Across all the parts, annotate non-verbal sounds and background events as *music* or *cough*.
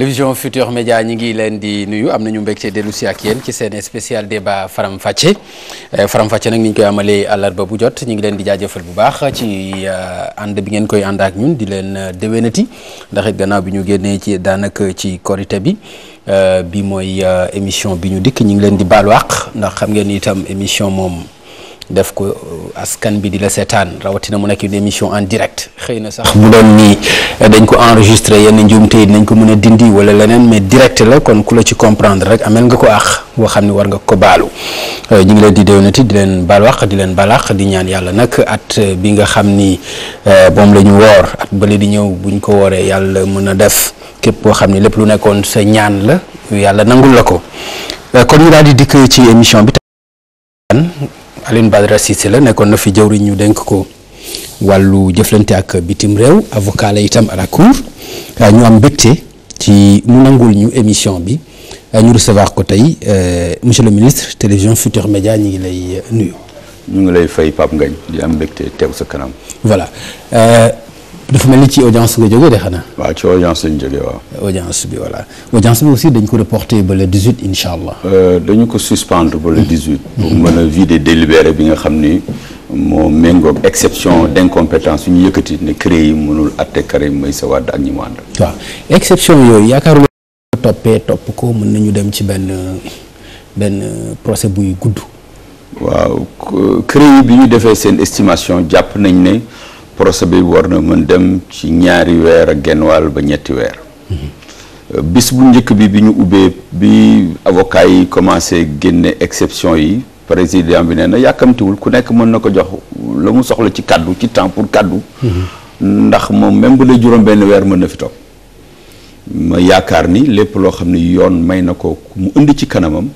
télévision Futur Média ñi ngi leen di nuyu am nañu mbégte dellu si ak yéen ci seen spécial de Faram Facce eh, Faram Facce nag ni ñu koy amalee àllarba bu jot ñu ngi leen di jaajëfal bu baax ci eh, ànd bi ngeen koy ànd ak ñun di leen eh, déwénati ndax it gannaaw bi ñu génnee ci daanaka ci korité bi bi mooy émission bi ñu dikk ñu ngi leen di baalu àq ndax xam ngeen itam émission moom. def ko euh, askan bi di la seetaan rawatina mu nekk une émission en direct xëy na sax mu doon nii dañ ko enregistré yenn njuumte yi nañ ko mën a dindi wala leneen mais direct la kon ku la ci comprendre rek amel nga ko ax boo xam ne war nga ko baalu euh, ñu ngi leen di déwénati di leen balwax di leen balax di ñaan yàlla nag at euh, bi nga xam ni moom la woor at bële di ñëw buñ ko wooree yàlla mën a def képp koo xam ne lépp lu nekkoon sa ñaan la yàlla nangul la ko Alioune Badara Cissé la nekkoon na fi jëwriñ ñu dénk ko wàllu jëflante ak bitim réew avocat la itam à la cour euh, ñu am mbégte ci mu nangul ñu émission bi euh, ñu recevoir ko tey euh, monsieur le ministre télévision Futur Média ñu ngi lay nuyu. ñu ngi lay fay Pape Ngagne di am mbégte teew sa kanam. voilà. def mel ci audience nga jógee de xanaa. waaw ci audience lañ jógee waaw. audience bi voilà audience bi aussi dañ ko reporté ba le 18 incha allah. Euh, dañu ko suspendre ba le 18. *laughs* pour mën a vider délibéré bi nga xam ni moo méngoog exception d' incompétence yu ñu yëkkati ne CREI yi mënul àtte Karim Meïssa Wade ak ñu mu ànd. waaw exception yooyu yaakaaruma ne toppee topp ko mën nañu dem ci benn benn procès buy gudd. waaw CREI yi bi ñu defee seen estimation jàpp nañ ne. procès bi war na mën dem ci ñaari weer ak genn wàll ba ñetti weer bis bu njëkk bi bi ñu ubbee bi avocat yi commencé génne exception yi président bi nee na yàkkamtiwul ku nekk mën na ko jox la mu soxla ci kàddu ci temps pour kàddu ndax moom même bu dee juróom benn weer mën na fi toog ma yaakaar ni lépp loo xam ne yoon may na ko mu indi ci kanamam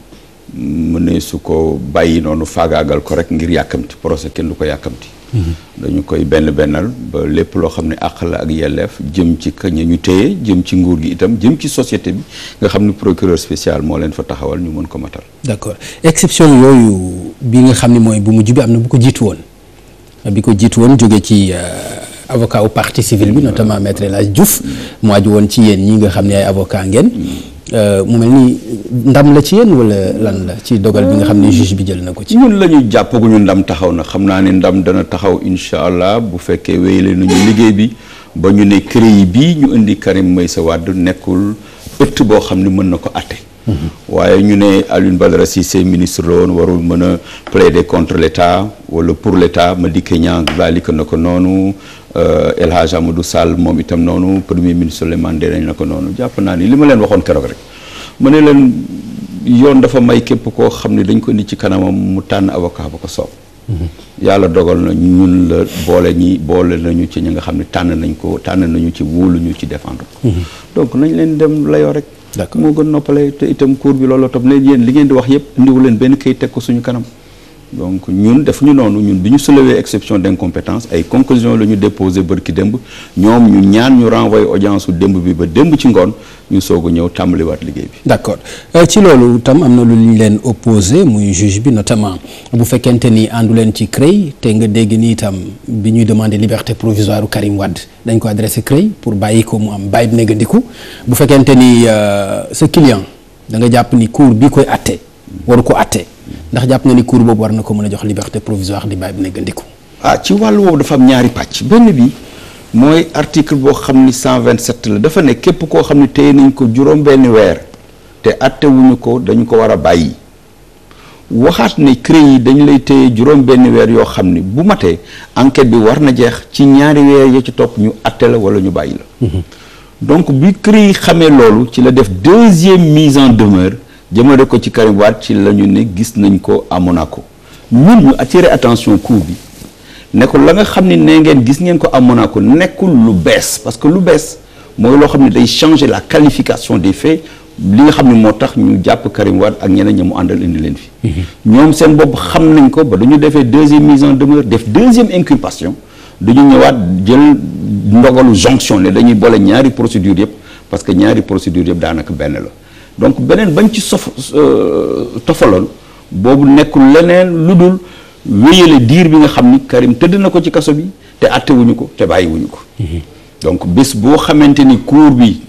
mu ne su ko bàyyi noonu faagaagal ko rek ngir yàkkamti procès kenn du ko yàkkamti dañu koy benn bennal ba lépp loo xam ne àq la ak yelleef jëm ci kañ ñu téye jëm ci nguur gi itam jëm ci société bi nga xam ne procureur spécial moo leen fa taxawal ñu mën ko matal. d'accord exception yooyu bi nga xam ne mooy bu mujj bi am na bu ko jiitu woon bi ko jiitu woon jóge ci euh, avocat au parti civil bi mm-hmm. notamment maître El Hadj Diouf mu aju woon ci yéen ñi nga xam ne ay avocat ngeen. Mm-hmm. Euh, mu mel ni ndam la ci yéen wala lan la ci dogal bi nga xam ne juge bi jël na ko ci. ñun la ñu ndam taxaw na xam naa ne ndam dana taxaw incha allah bu fekkee wey wéyale nañu liggéey bi ba ñu ne CREI bii ñu indi Karim Meïssa Wade nekkul ëtt boo xam ne mën na ko atte waaye ñu ne Alioune Badara Cissé ministre la woon warul mën a plaider contre l'état wala pour ma l'état Madické Niang daalika na ko noonu euh, El Hadj du Sall moom itam noonu premier ministre Souleymane Ndéné na ko noonu jàpp naa ni li ma leen waxoon keroog rek ma ne leen yoon dafa may képp koo xam ne dañ ko nit ci kanamam mu tànn avocat ba ko soob yàlla dogal na ñun la boole ñi boole nañu ci ñi nga xam ne tànn nañ ko tànn nañu ci wóolu ñu ci défendre ko mhm. donc nañ leen dem layoo rek moo gën noppale te itam cour bi loolu la topp ne yéen li ngeen di wax yëpp indiwu leen benn kayit teg ko suñu kanam donc ñun def ñu noonu ñun bi ñu soulever exception d'incompétence ay conclusion la ñu déposé bërki démb ñoom ñu ñaan ñu renvoyé audience su démb bi ba dëmb ci ngoon ñu soog a ñëw tàmbaliwaat liggéey bi. d'accord euh, ci loolu tam am na lu ñu leen opposé muy juge bi notamment bu fekkente ni àndu leen ci CREI te nga dégg ni itam bi ñuy demandé liberté provisoire Karim Wade dañ ko adressé CREI pour bàyyi ko mu am bàyyi bi négandiku bu fekkente ni euh, sa client da nga jàpp ni cour bi koy atte waru ko atte ndax jàpp na ne cour boobu war na ko mën a jox liberté provisoire di bàyyi bi néggandiku ah ci wàllu woowu dafa am ñaari pàcc benn bi mooy article boo xam ni 127 la dafa ne képp koo xam ne téye nañ ko juróom benn weer te atte ko dañu ko war a bàyyi waxaat ne CREI yi dañu lay téye juróom benn weer yoo xam ni bu matee enquête bi war na jeex ci ñaari weer yoo ci topp ñu atte la wala ñu bàyyi la mhm. donc bi CREI yi xamee loolu ci la def deuxième mise en demeure jëmale ko ci Karim Wade ci la ñu ne gis nañ ko à Monaco ñun ñu attirer attention coup bi ne la nga xam ne nee ngeen gis ngeen ko à Monaco nekkul lu bees parce que lu bees mooy loo xam ne day changer la qualification des faits li nga xam ne moo tax ñu jàpp Karim Wade ak ñeneen ñi mu àndal indi leen fii mhm. ñoom seen bopp xam nañ ko ba du ñu defee deuxième mise en demeure def deuxième inculpation dañu ñëwaat jël ndogalu jonction ne dañuy boole ñaari procédure yëpp parce que ñaari procédure yëpp daanaka benn la. donc beneen bañ ci sof euh, tofaloon boobu nekkul leneen lu dul wéyale diir bi nga xam ni Karim tëdd na ko ci kaso bi te attewuñu ko te bàyyiwuñu ko mhm. donc bés boo xamante ni cour bi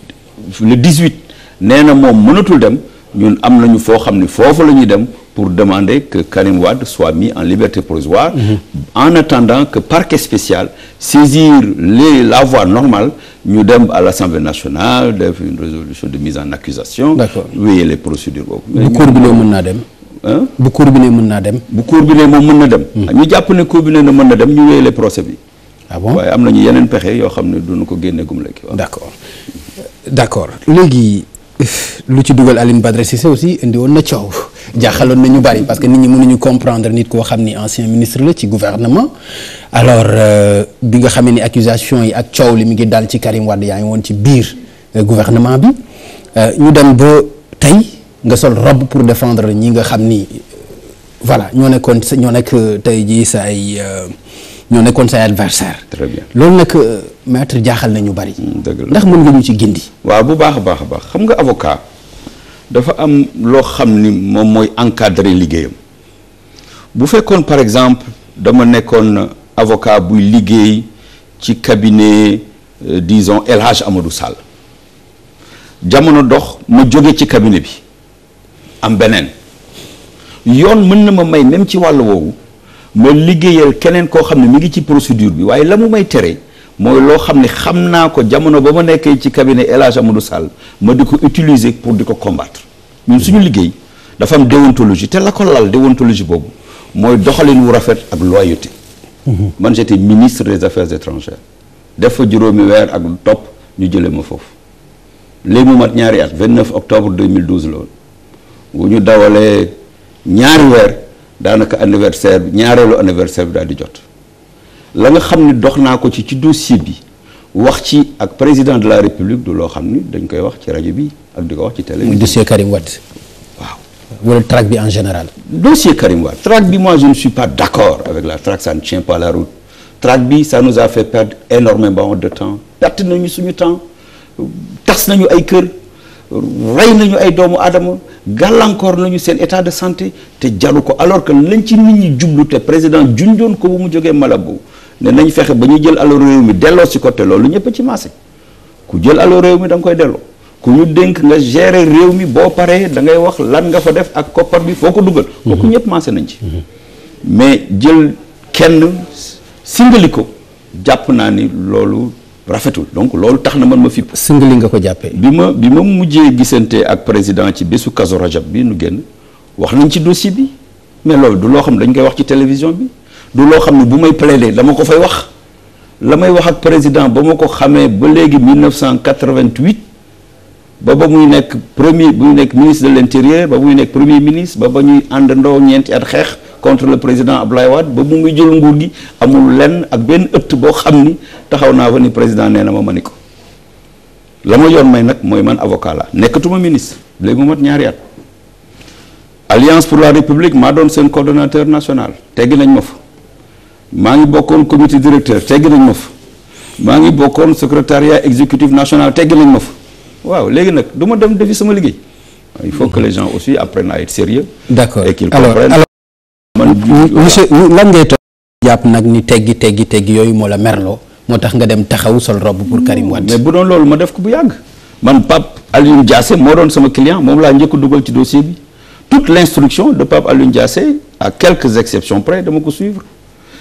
le 18 nee na moom mënatul dem ñun am nañu foo xam ni foofu la ñuy dem pour demander que Karim Wade soit mis en liberté provisoire mm -hmm. en attendant que parquet spécial saisir les la voie normale ñu dem à l'Assemblée nationale def une résolution de mise en accusation d'accord wéyee les procédures boobu bu courbiné mën naa dem bu courbiné mën naa dem bu bi courbiné moom mën na dem mhm. ñu jàpp ne courbiné na mën na dem ñu wéyee les procès bi ah bon waaye am nañu yeneen pexe yoo xam ne duñu ko génne gum léegi d'accord d'accord léegi lu ci dugal Alioune Badara Cissé aussi indi woon na coow na ñu bari parce que nit ñi mënuñu comprendre nit koo xam ni ancien ministre la ci gouvernement alors euh, bi nga xamee ni accusation yi ak coow li mu ngi daal ci Karim Wade yaa ngi woon ci biir euh, gouvernement bi euh, ñu dem ba tey nga sol robe pour défendre ñi nga xam ni voilà ñoo nekkoon ñoo nekk tey jii say ñoo nekkoon say adversaire très bien loolu nag euh, maître jaaxal na ñu bari. Mm, dëgg ndax mën nga ñu ci gindi. waaw bu baax a baax baax xam nga avocat dafa am loo xam ni moom mooy encadrer liggéeyam bu fekkoon par exemple dama nekkoon avocat buy liggéey ci cabinet euh, disons El Hadj Amadou Sall jamono dox ma jóge ci cabinet bi am beneen yoon mën na ma may même ci wàll woowu. ma liggéeyal keneen koo xam ne mi ngi ci procédure bi waaye la mu may tere mooy loo xam ni xam naa ko jamono ba ma nekkee ci cabinet El Hadj Amadou Sall ma di ko utiliser pour di ko combattre ñun suñu liggéey dafa am déontologie te la ko lal déontologie boobu mooy doxalin wu rafet ak loyauté. man j'étais ministre des affaires étrangères def fa juróomi weer ak lu topp ñu jëlee ma foofu léegi mu mat ñaari at 29 octobre 2012 la woon bu ñu dawalee ñaari weer. daanaka anniversaire bi ñaareelu anniversaire bi daal di jot la nga xam ni dox naa ko ci ci dossier bi wax ci ak président de la république du loo xam ni dañ koy wax ci rajo bi ak di ko wax ci télé. muy dossier Karim Wade. waaw wala traque bi en général. dossier Karim Wade traque bi moi je ne suis pas d' accord avec la traque ça ne tient pas la route traque bi ça nous a fait perdre énormément de temps perte nañu suñu temps tas nañu ay kër. rey nañu ay doomu aadama gàllankoor nañu seen état de santé te jaru ko alors que lañ ci nit ñi jublu te président junjoon ko bu mu jógee Malabo ne nañ fexe ba ñu jël alalu réew mi delloo si côté loolu ñëpp ci maase ku jël alalu réew mi da nga koy delloo ku ñu dénk nga gérer réew mi boo paree da ngay wax lan nga fa def ak koppar bi foo ko dugal. Mhm. kooku ñëpp maase nañ ci. Mhm. mais jël kenn singali ko jàpp naa ni loolu. rafetul donc loolu tax na man ma fi sëngali nga ko jàppee bi ma bi ma mujjee gisante ak président ci bésu Kazu Rajab bi nu génn wax nañ ci dossier bi mais loolu du loo xam ne dañ koy wax ci télévision bi du loo xam ne bu may plaider dama ko fay wax la may wax ak président ba ma ko xamee ba léegi 1988 ba ba muy nekk premier bu nekk ministre de l'intérieur ba muy nekk premier ministre ba ba ñuy àndandoo ñeenti at xeex contre le président Abdoulaye Wade ba mu ngi jël nguur gi amul lenn ak benn ëtt boo xam ni taxaw naa fa ni président nee na ma ma ni ko la ma yoon may nag mooy man avocat la nekkatuma ministre léegi mu mat ñaari at alliance pour la république maa doon seen coordonnateur national teggi nañ ma fa maa ngi bokkoon comité directeur teggi nañ ma maa ngi bokkoon secrétariat exécutif national teggi nañ ma fa waaw léegi nag du ma dem defi sama liggéey. il faut que les gens aussi apprennent à être sérieux. d'accord et qu'ils comprennent. alors alors monsieur lan ngay toog jàpp nag ni teggi teggi teggi yooyu moo la merloo moo tax nga dem taxaw sol robe pour Karim Wade. mais bu doon loolu ma def ko bu yàgg man pap Alioune Diassé moo doon sama client moom laa njëkk dugal ci dossier bi toute l'instruction de pap Alioune Diassé à quelques exceptions près dama ko suivre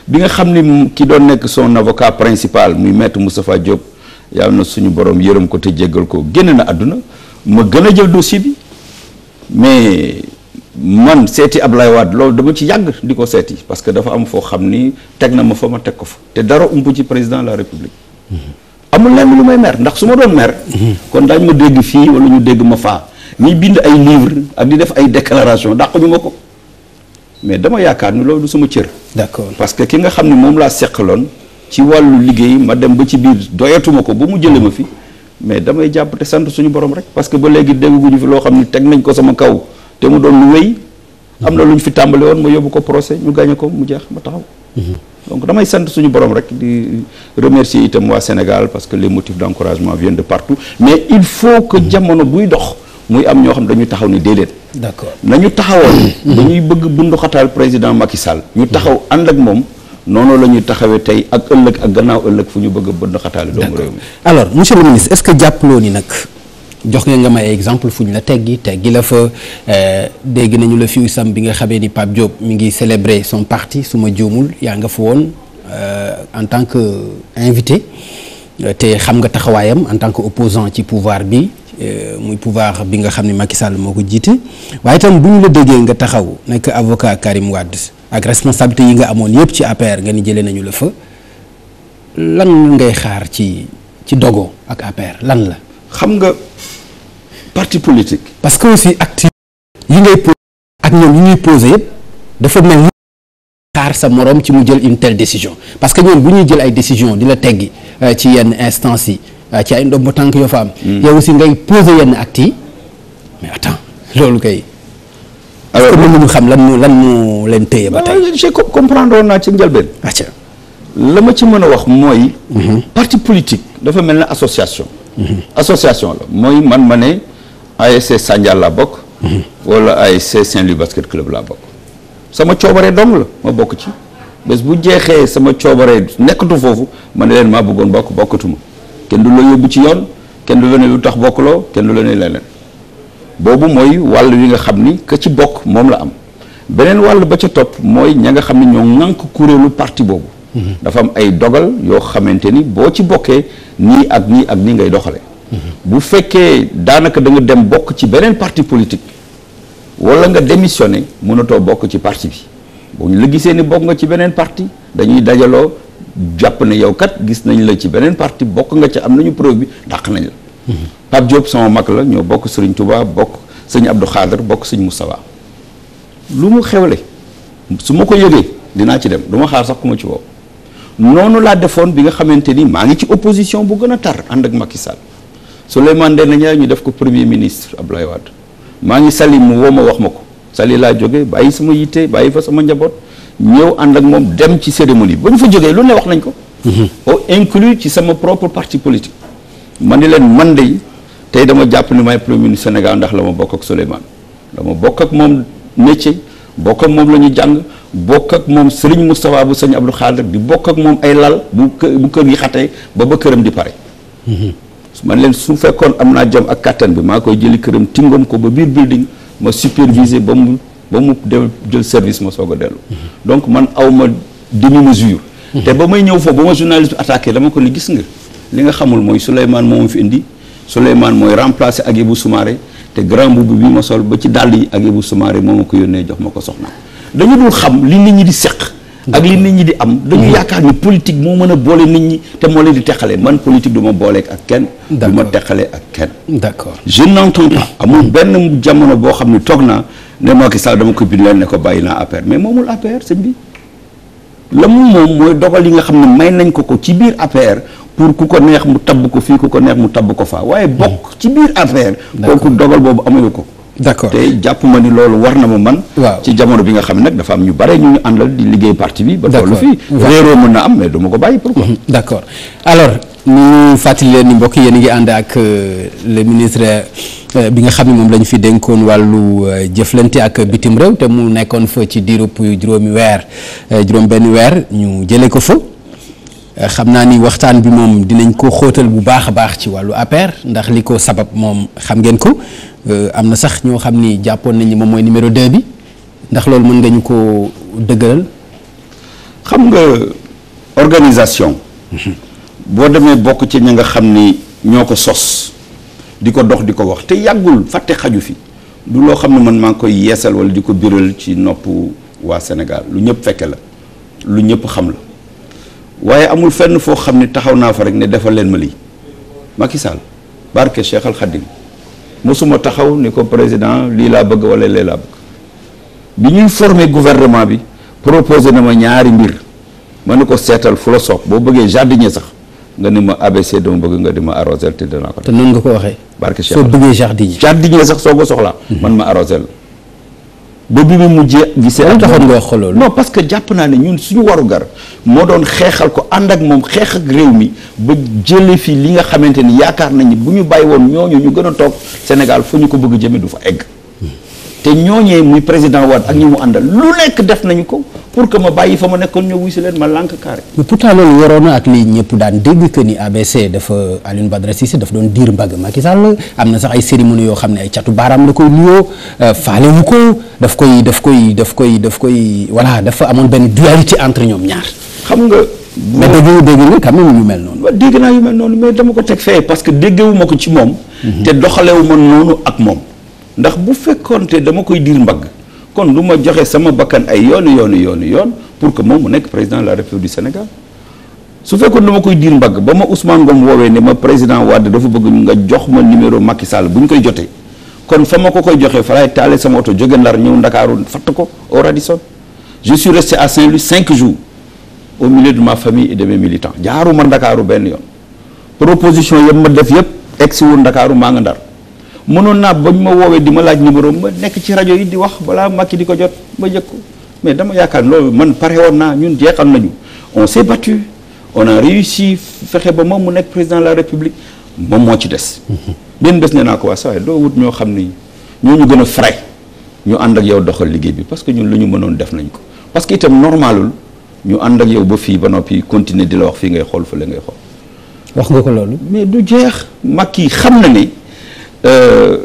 bi nga xam ni ki doon nekk son avocat principal muy maître Moustapha Diop. yàlla na suñu boroom yërëm ko te jéggal ko génn na àdduna ma gën a jël dossier bi mais man seeti Ablaye Wade loolu dama ci yàgg di ko seeti parce que dafa am foo xam ni teg na ma fa ma teg ko fa te dara ump ci président la république amul lenn lu may mer ndax su ma doon mer kon daañ ma dégg fii wala ñu dégg ma faa ñuy bind ay livre ak di def ay déclaration dàq ñu ma ko mais dama yaakaar ni loolu du sama cër d'accord parce que ki nga xam ne moom laa seqaloon ci wàllu liggéey ma dem ba ci biir doyatuma ko ba mu jëlee ma fi mais damay jàpp te sant suñu borom rek parce que ba léegi dégguñu fi loo xam ne teg nañ ko sama kaw te mu doon lu wéy am na lu ñu fi tàmbali woon ma yóbbu ko procès ñu gagné ko mu jeex ma taxaw. donc damay sant suñu borom rek di remercier itam waa Sénégal parce que les motifs d'encouragement viennent de partout mais il faut que jamono buy dox muy am ñoo xam dañu taxaw ni déedéet. d'accord nañu taxawoon. dañuy bëgg bundu xataal président Macky Sall. ñu taxaw ànd ak moom. noonu la ñuy taxawee tey ak ëllëg ak gannaaw ëllëg fu ñu bëgg a bënd xataale doomu réew mi alors monsieur le ministre est-ce que ni nag jox nga nga may exemple fu ñu la teggi teggi la fa eh, dégg nañu la fiw sam bi nga xamee ni Pape Diop mi ngi célébrer son parti su ma juumul yaa nga fa woon eh, en tant que invité eh, te xam nga taxawaayam en tant que opposant ci pouvoir bi muy pouvoir bi nga xam ni Macky Sall moo ko jiite waaye itam bu ñu la déggee nga taxaw nekk avocat Karim Wade ak responsabilité yi nga amoon yëpp ci APR nga ni jëlee nañu la fa lan ngay xaar ci ci dogo ak APR lan la. xam nga parti politique. parce que aussi acte yi ngay posé ak ñoom yi ñuy posé yëpp dafa mel ni xaar sa moroom ci mu jël une telle décision parce que ñoom bu ñuy jël ay décision di teggi euh, ci yenn instance yi euh, ci ay ndomb tànk yoo fa am. Hmm. yow si ngay posé yenn acte yi mais attends loolu kay. alors est-ce xam lan moo lan ñu leen téye ba tey. Euh, je naa ci njëlbeen. la ma ci mën a wax mooy. Mhm. parti politique dafa mel ne association. Mhm. association la mooy man ma ne ASC Sandial laa bokk. Mhm. wala ASC Saint-Louis basket club laa bokk. sama coobaree dong la ma bokk ci bés bu jeexee sama coobaree nekkatu foofu ma ne leen maa bëggoon bokk bokkatuma kenn du la yóbbu ci yoon kenn du la ne lu tax bokkuloo kenn du la ne leneen. boobu mooy wàll wi nga xam ni que ci bokk moom la am beneen wàll ba ca topp mooy ña nga xam ni ñoo ŋànk kuréelu parti boobu mhm. dafa am ay dogal yoo xamante ni boo ci bokkee nii ak nii ak nii ngay doxale mhm. bu fekkee daanaka da dem bokk ci beneen parti politique wala nga démissionné mënatoo bokk ci parti bi bu ñu la gisee ni bokk nga ci beneen parti dañuy dajaloo jàpp ne yow kat gis nañ la ci beneen parti bokk nga ci am nañu preuve bi dàq nañ la mhm. Pape Diop sama mag la ñoo bokk sëriñ tubaab bokk sëñ Abdou Khader bokk sëñ Moustapha lu mu xewle su ma ko yëgee dinaa ci dem du xaar sax ku ma ci woo noonu laa defoon bi nga xamante ni maa ngi ci opposition bu gën a tar ànd ak Macky Sall Souleymane Ndéné Ndiaye ñu def ko premier ministre Abdoulaye Wade maa ngi sali mu woo ma wax ma ko sali laa jógee bàyyi sama yitte bàyyi fa sama njaboot ñëw ànd ak moom dem ci cérémonie ba ñu fa jógee lu ne wax nañ ko. Mhm. au ci sama propre parti politique. ma ni tey dama jàpp ni may premier ministre Sénégal ndax la ma bokk ak Souleymane dama bokk ak moom métier bokk ak moom la ñu jàng bokk ak moom Serigne Moustapha bu Serigne Abdou Khadir bi bokk ak moom ay lal bu bu kër gi xatee ba ba këram di pare. Mhm. man leen su fekkoon am naa jom ak kattan bi maa koy jëli këram tingam ko ba biir building ma superviser ba mu ba mu jël service ma soog a dellu. Mhm. donc man aw ma demi mesure. Mhm. te ba may ñëw foofu ba ma journaliste bi attaqué dama ko ni gis nga li nga xamul mooy Souleymane moomu fi indi. Souleymane mooy remplacé ak bu Soumaré te grand mbubb bi ma sol ba ci dàll yi ak bu Soumaré moo ma ko yónnee jox ma ko soxna dañu dul xam li nit ñi di seq. ak li nit ñi di am. dañu yaakaar ni politique moo mën a boole nit ñi te moo leen di teqale man politique du ma booleeg ak kenn. du ma teqale ak kenn. d'accord je n'entends pas. amul benn jamono boo xam ne toog naa ne Macky Sall dama ko bind leen ne ko bàyyi naa APR mais moomul APR sëñ bi la dogal yi nga xam ne may nañ ko ko ci biir APR. pour ku ko neex mu tabb ko fii ku ko neex mu tabb ko faa waaye hmm. bokk ci biir affaire kooku dogal boobu amuñu ko d'accord te jàpp ma ni loolu war na ma man waaw ci jamono bi nga xam nag dafa am ñu bare ñu ñu àndal di liggéey parti bi ba tollu mën na am mais du ma ko bàyyi pourquoi hmm, d'accord alors ñu fàttali leen ni mbokk yéen a ngi ànd ak euh, le ministre euh, bi nga xam ne moom la ñu fi dénkoon wàllu euh, jëflante ak bitim réew te mu nekkoon fa ci diirub juróomi weer juróom benn weer ñu jële ko fa Euh, xam naa ni waxtaan bi moom dinañ ko xóotal bu baax a baax ci wàllu APR ndax li ko sabab moom xam ngeen ko euh, am na sax ñoo xam ni jàppoon nañ ni moom mooy numéro de bi ndax loolu mën nga ñu ko dëggalal. xam nga organisation. boo demee bokk ci ña nga xam ni ñoo ko sos di ko dox di ko wax te yàggul fàtte xaju fi lu loo xam ne man maa ngi koy yeesal wala di ko biral ci nopp waa Sénégal lu ñëpp fekke la lu ñëpp xam la. waaye amul fenn foo xam ne taxaw naa fa rek ne defal leen ma lii Macky Sall barke Cheikh Al Khadim mosuma taxaw ni ko président lii laa bëgg wala lee laa bëgg bi ñuy former gouvernement bi proposé na ma ñaari mbir ma ne ko seetal fu la soob boo bëggee jardinier sax nga ni ma ABC dama bëgg nga di ma arrosel te danaa ko. te noonu nga ko waxee. barke Cheikh soo bëggee jardinier. jardinier sax soo ko soxlaa. Mhm. man ma arrosel. ba bi mu mujjee gisee ak taxoon nga xooloo non parce que jàpp naa ne ñun suñu warugar moo doon xeexal ko ànd ak moom xeex ak réew mi ba jële fii li nga xamante ni yaakaar nañu bu ñu bàyyi woon ñoo ñu gën a toog Sénégal fu ñu ko bëgg jëme du fa egg hmm. te ñooñee muy président Wade ak ñu mu àndal lu nekk def nañu ko pour que ma bàyyi fa ma nekkoon ñëw wuy si leen ma lànk carré. mais pourtant loolu waroon na ak li ñëpp daan dégg que ni ABC dafa Alioune Badara Cissé dafa doon diir mbagg Macky Sall am na sax ay cérémonie yoo xam ne ay catu la koy nuyoo euh, faale wu ko daf koy daf koy daf koy daf koy voilà dafa amoon benn dualité entre ñoom ñaar. xam nga. mais dégg dégg nga quand même yu mel noonu. dégg naa yu mel noonu mais dama ko teg fee parce que déggewu ma ko ci moom. Mhm. te doxalewu ma noonu ak moom. ndax bu fekkoonte dama koy diir mbagg. kon lu ma joxe sama bakkan ay yoonu yoonu yoonu yoon pour que moom mu nekk président de la république du Sénégal su fekkoon ma koy diir mbagg ba ma Ousmane Ngom woowee ne ma président Wade dafa bëgg nga jox ma numéro Macky Sall bu ñu koy jotee kon fa ma ko koy joxee fa taale sama oto jóge Ndar ñëw Ndakaaru fatt ko au Radisson je suis resté à Saint-Louis cinq jours au milieu de ma famille et de mes jaaruma Ndakaaru benn yoon proposition yëpp ma def yëpp egg si wul Ndakaaru maa nga mënoon naa ba bañ ma woowee di ma laaj numéro ma nekk ci rajo yi di wax balaa Macky di ko jot ma jëkk mais dama yaakaar loolu man pare woon naa ñun jeexal nañu on s'est battu on a réussi fexe ba moom mu nekk président la république moom moo ci des. benn bés ne naa ko waa saa doo ñoo xam ni ñoo ñu gën a frais ñu ànd ak yow doxal liggéey bi parce que ñun lu ñu mënoon def nañ ko parce que itam normalul ñu ànd ak yow ba fii ba noppi continuer di la wax fii ngay xool fële ngay xool. wax nga loolu. mais du jeex. Macky xam na ni. Euh,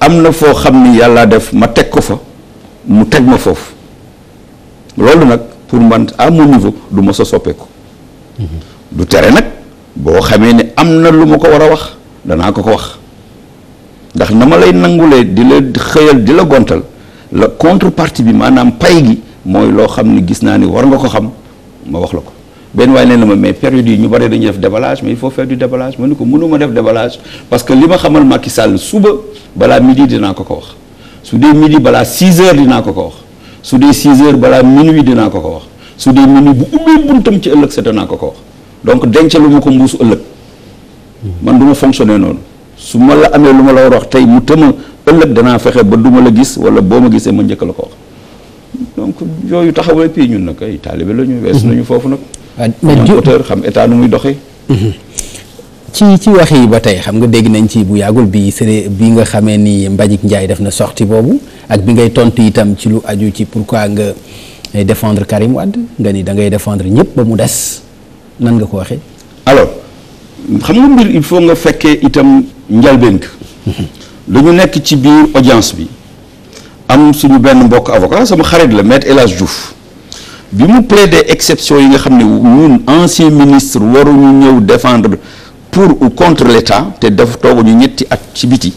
am na foo xam ni yàllaa def ma teg ko fa mu teg ma foofu loolu nag pour man à niveau du ma sa soppeeku. Mm-hmm. du tere nag boo xamee ni am na lu ma ko war a wax danaa ko ko wax ndax na ma lay nangulee di la xëyal di la gontal la contrepartie bi maanaam pay gi mooy loo xam ni gis naa ni war nga ko xam ma wax la ko. benn waaye nee na ma mais période yi ñu bari dañuy def déballage mais il faut faire du déballage ma ne ko mënuma def déballage parce que li ma xamal Macky Sall suba balaa midi dinaa ko ko wax su dee midi balaa 6 heures dinaa ko ko wax su dee 6 heures balaa minuit dinaa ko ko wax su dee minuit bu ubbee buntam ci ëllëg sa naa ko ko wax donc dencalu ma ko mbuusu ëllëg man du ma fonctionner noonu su ma la amee lu ma la war wax tey mu tëma ëllëg danaa fexe ba du la gis wala boo ma gisee ma njëkk ko donc yooyu taxawal puis ñun nag ay taalibe la ñu wees nañu foofu nag Euh, mais auteur xam état nu muy doxee. Mhm. ci ci wax yi ba tey xam nga dégg nañ ci bu yàggul bi sëre bi nga xamee ni Mbagnick Ndiaye def na sortie boobu ak bi ngay tont itam ci lu aju ci pourquoi nga eh, defendre Karim Wade nga ni da ngay défendre ñëpp ba mu des nan nga ko waxee. alors xam nga mbir il faut nga fekkee itam njalbeen dañu mhm. nekk ci biir audience bi am suñu benn mbokk avocat sama xarit la maître El Hadj bi mu plaider exception yi nga xam ne ñun ancien ministre waruñu ñëw défendre pour ou contre l'État te def ñu ñetti at ci biti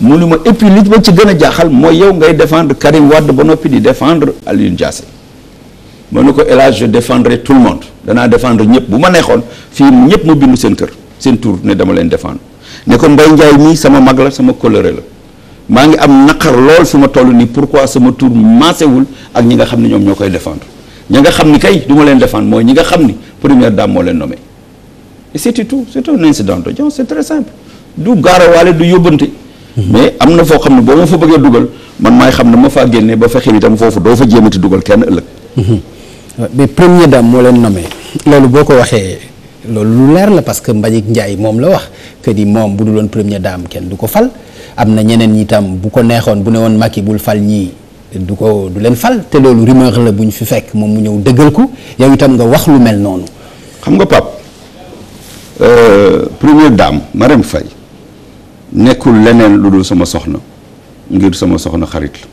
mu ni ma et puis li ma ci gën a jaaxal mooy yow ngay défendre Karim Wade ba noppi di défendre Alioune Diassé mën na ko élage je défendrai tout le monde danaa defendre ñëpp bu ma neexoon fii ñëpp mu bindu seen kër seen tour ne dama leen défendre ne ko mbay Ndiaye mii sama mag la sama coloré la maa ngi am naqar lool fi ma toll nii pourquoi sama tour maasewul ak ñi nga xam ne ñoom ñoo koy défendre ñi nga xam ni kay du ma leen défendre mooy ñi nga xam ni première dame moo leen nommé et c'est tout c'est un incident d'audience c'est très simple du gaarawaale du yóbbante hmm. mais am na foo xam ne boo ma fa bëggee dugal man maay xam ne ma faa génnee ba fexee itam foofu doo fa jéemati dugal kenn ëllëg hmm. mais première dame moo leen nommé loolu boo ko waxee loolu lu leer la parce que mbañ Mbagnick Ndiaye moom la wax que ni moom bu du loon première dame kenn du ko fal am na ñeneen ñi tam bu ko neexoon bu ne woon Macky bul fal ñii du ko du leen fal te loolu rumeur la bu ñu fi fekk moom mu ñëw dëggal ko yow itam nga wax lu mel noonu. xam nga Pape euh, première dame Marème Faye nekkul leneen lu dul sama soxna ngir sama soxna xarit la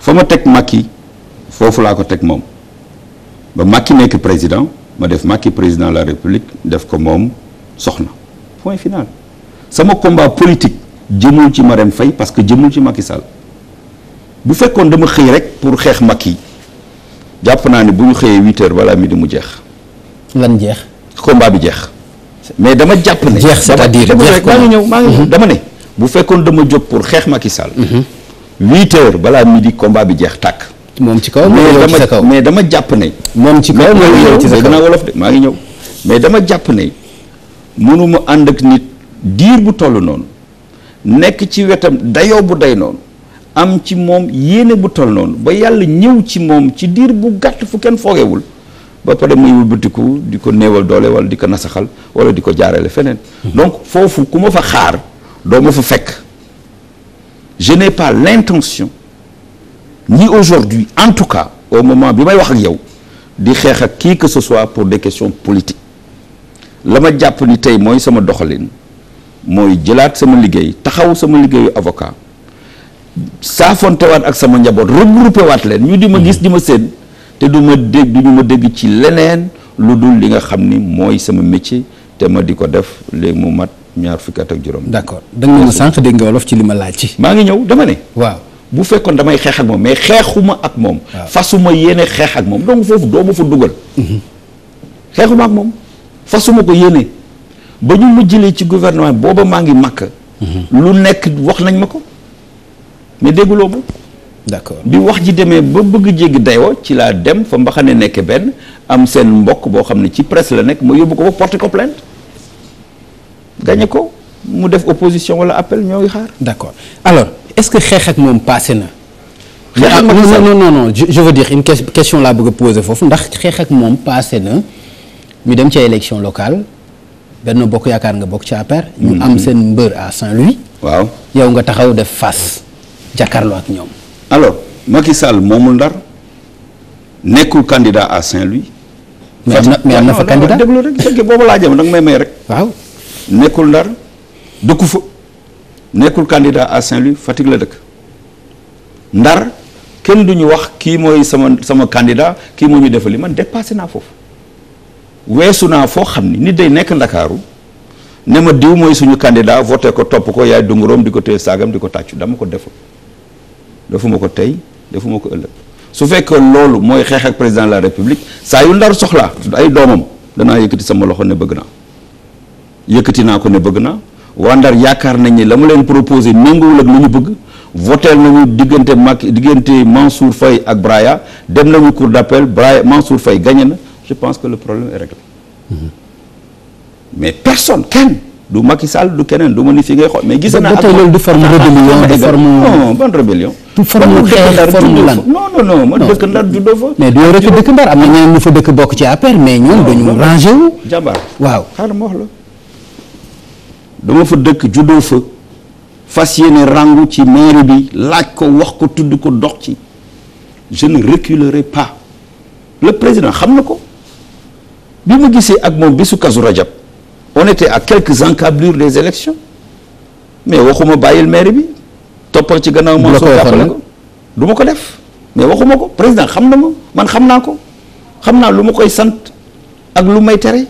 fa ma teg Macky foofu laa ko teg moom ba Macky nekk président ma def Macky président la République def ko moom soxna point final sama combat politique. jëmul ci Marème Faye parce que jëmul ci Macky Sall bu fekkoon dama xëy rek pour xeex yi jàpp naa ne bu ñu xëyee huit heures balaa midi mu jeex. lan jeex. combat bi jeex. mais dama jàpp ne. jeex c'est-à-dire jeex maa ñëw maa ngi mhm. dama ne. bu fekkoon dama jóg xeex Macky Sall. Mhm. huit heures balaa midi combat bi jeex tàkk. moom ci kaw mais dama jàpp ne. moom ci kaw moom ci sa kaw wolof de maa ngi ñëw mais dama jàpp ne mënuma ànd ak nit diir bu toll noonu. nekk ci wetam dayoo bu day noonu am ci moom yéene bu tol noonu ba yàlla ñëw ci moom ci diir bu gàtt fu kenn foogewul ba pare muy wëlbatiku di ko néewal doole wala di ko nasaxal wala di ko jaarale feneen hmm. donc foofu ku ma fa xaar doo ma fa fekk je n'ai pas l'intention ni aujourd'hui en tout cas au moment bi may wax ak yow di xeex ak qui que ce soit pour des questions politiques la ma jàpp ni tey mooy sama doxaliin mooy jëlaat sama liggéey taxaw sama liggéeyu avocat saafontewaat ak sama njaboot regroupé waat leen ñu di ma mhm. gis di ma séen te du ma dégg du ñu ma dégg ci leneen lu dul li nga xam ni mooy sama métier te ma di ko def léegi mu mat ñaar fukki ak juróom. d'accord da sànq dégg nga wolof ci li ma laaj ci. maa ngi ñëw dama ne. waaw bu fekkoon damay xeex ak moom mais xeexuma ak moom. fasuma yéene xeex ak moom donc foofu doo ma fa dugal. Mhm. xeexuma ak moom fasuma ko yéene. ba ñu jëlee ci gouvernement booba maa ngi màkk lu nekk wax nañ ma ko mais dégguloo ma d'accord bi wax ji demee ba bëgg jéggi dayoo ci laa dem fa mbaxane nekk benn am seen mbokk boo xam ne ci presse la nekk moo yóbbu ko ba porté ko plainte gañe ko mu def opposition wala appel ñoo ngi xaar d'accord alors est-ce que xeex ak moom passé na xeex non non non je veux dire une question laa bëgg a foofu ndax xeex ak moom passé na ñu dem ci élection locale Benno Bokk Yaakaar nga bokk ci APR. ñu am seen mbër à Saint-Louis. waaw yow nga taxaw def fas jàkkaarloo ak ñoom. alors Macky Sall moomul Ndar nekkul candidat à Saint-Louis. mais am na fa candidat déglu rek fekkee boobu laa jëm nag may may rek. waaw nekkul Ndar dëkku fa nekkul candidat à saint Fatick la dëkk Ndar kenn du ñu wax kii mooy sama sama candidat kii moo ñu defali man dépassé naa foofu. weesu naa foo xam ni nit day nekk ndakaaru ne ma diw mooy suñu candidat voté ko topp ko yaay dunguróom di ko téye saagam di ko tàccu dama ko deful defuma ko tey defuma ko ëllëg su fekkee loolu mooy xeex ak président de la république saa yu ndar soxla ay doomam danaa yëkkati sama loxo ne bëgg na yëkkati naa ko ne bëgg na waa ndar yaakaar nañ ni la mu leen proposé méngoowul ak lu ñu bëgg votel nañu diggante Macky diggante Mansour fay ak Braya dem nañu cour d'appel Braya Mansour Faye gagné na je pense que le problème est réglé mm mais personne kenn du Macky Sall du keneen du ma ni fi ngay xool mais gis naa ak loolu du forme rébellion du forme lan non non non dëkk Ndar juddoo fa mais doo rek dëkk Ndar am na ñeneen ñu fa dëkk bokk ci APR mais ñoom dañu rangé wu jàmbaar waaw xaaral ma wax la dama fa dëkk juddoo fa fas yéene rangu ci mairie bi laaj ko wax ko tudd ko dox ci je ne reculerai pas le président xam na ko bi ma gisee ak moom bisu kasu rajab on était à quelques encablures des élections mais waxuma bàyyil maire bi toppal ci gannaaw ma soo jàppale ko du ma ko def mais waxuma ko président xam na ma man xam naa ko xam naa lu ma koy sant ak lu may tere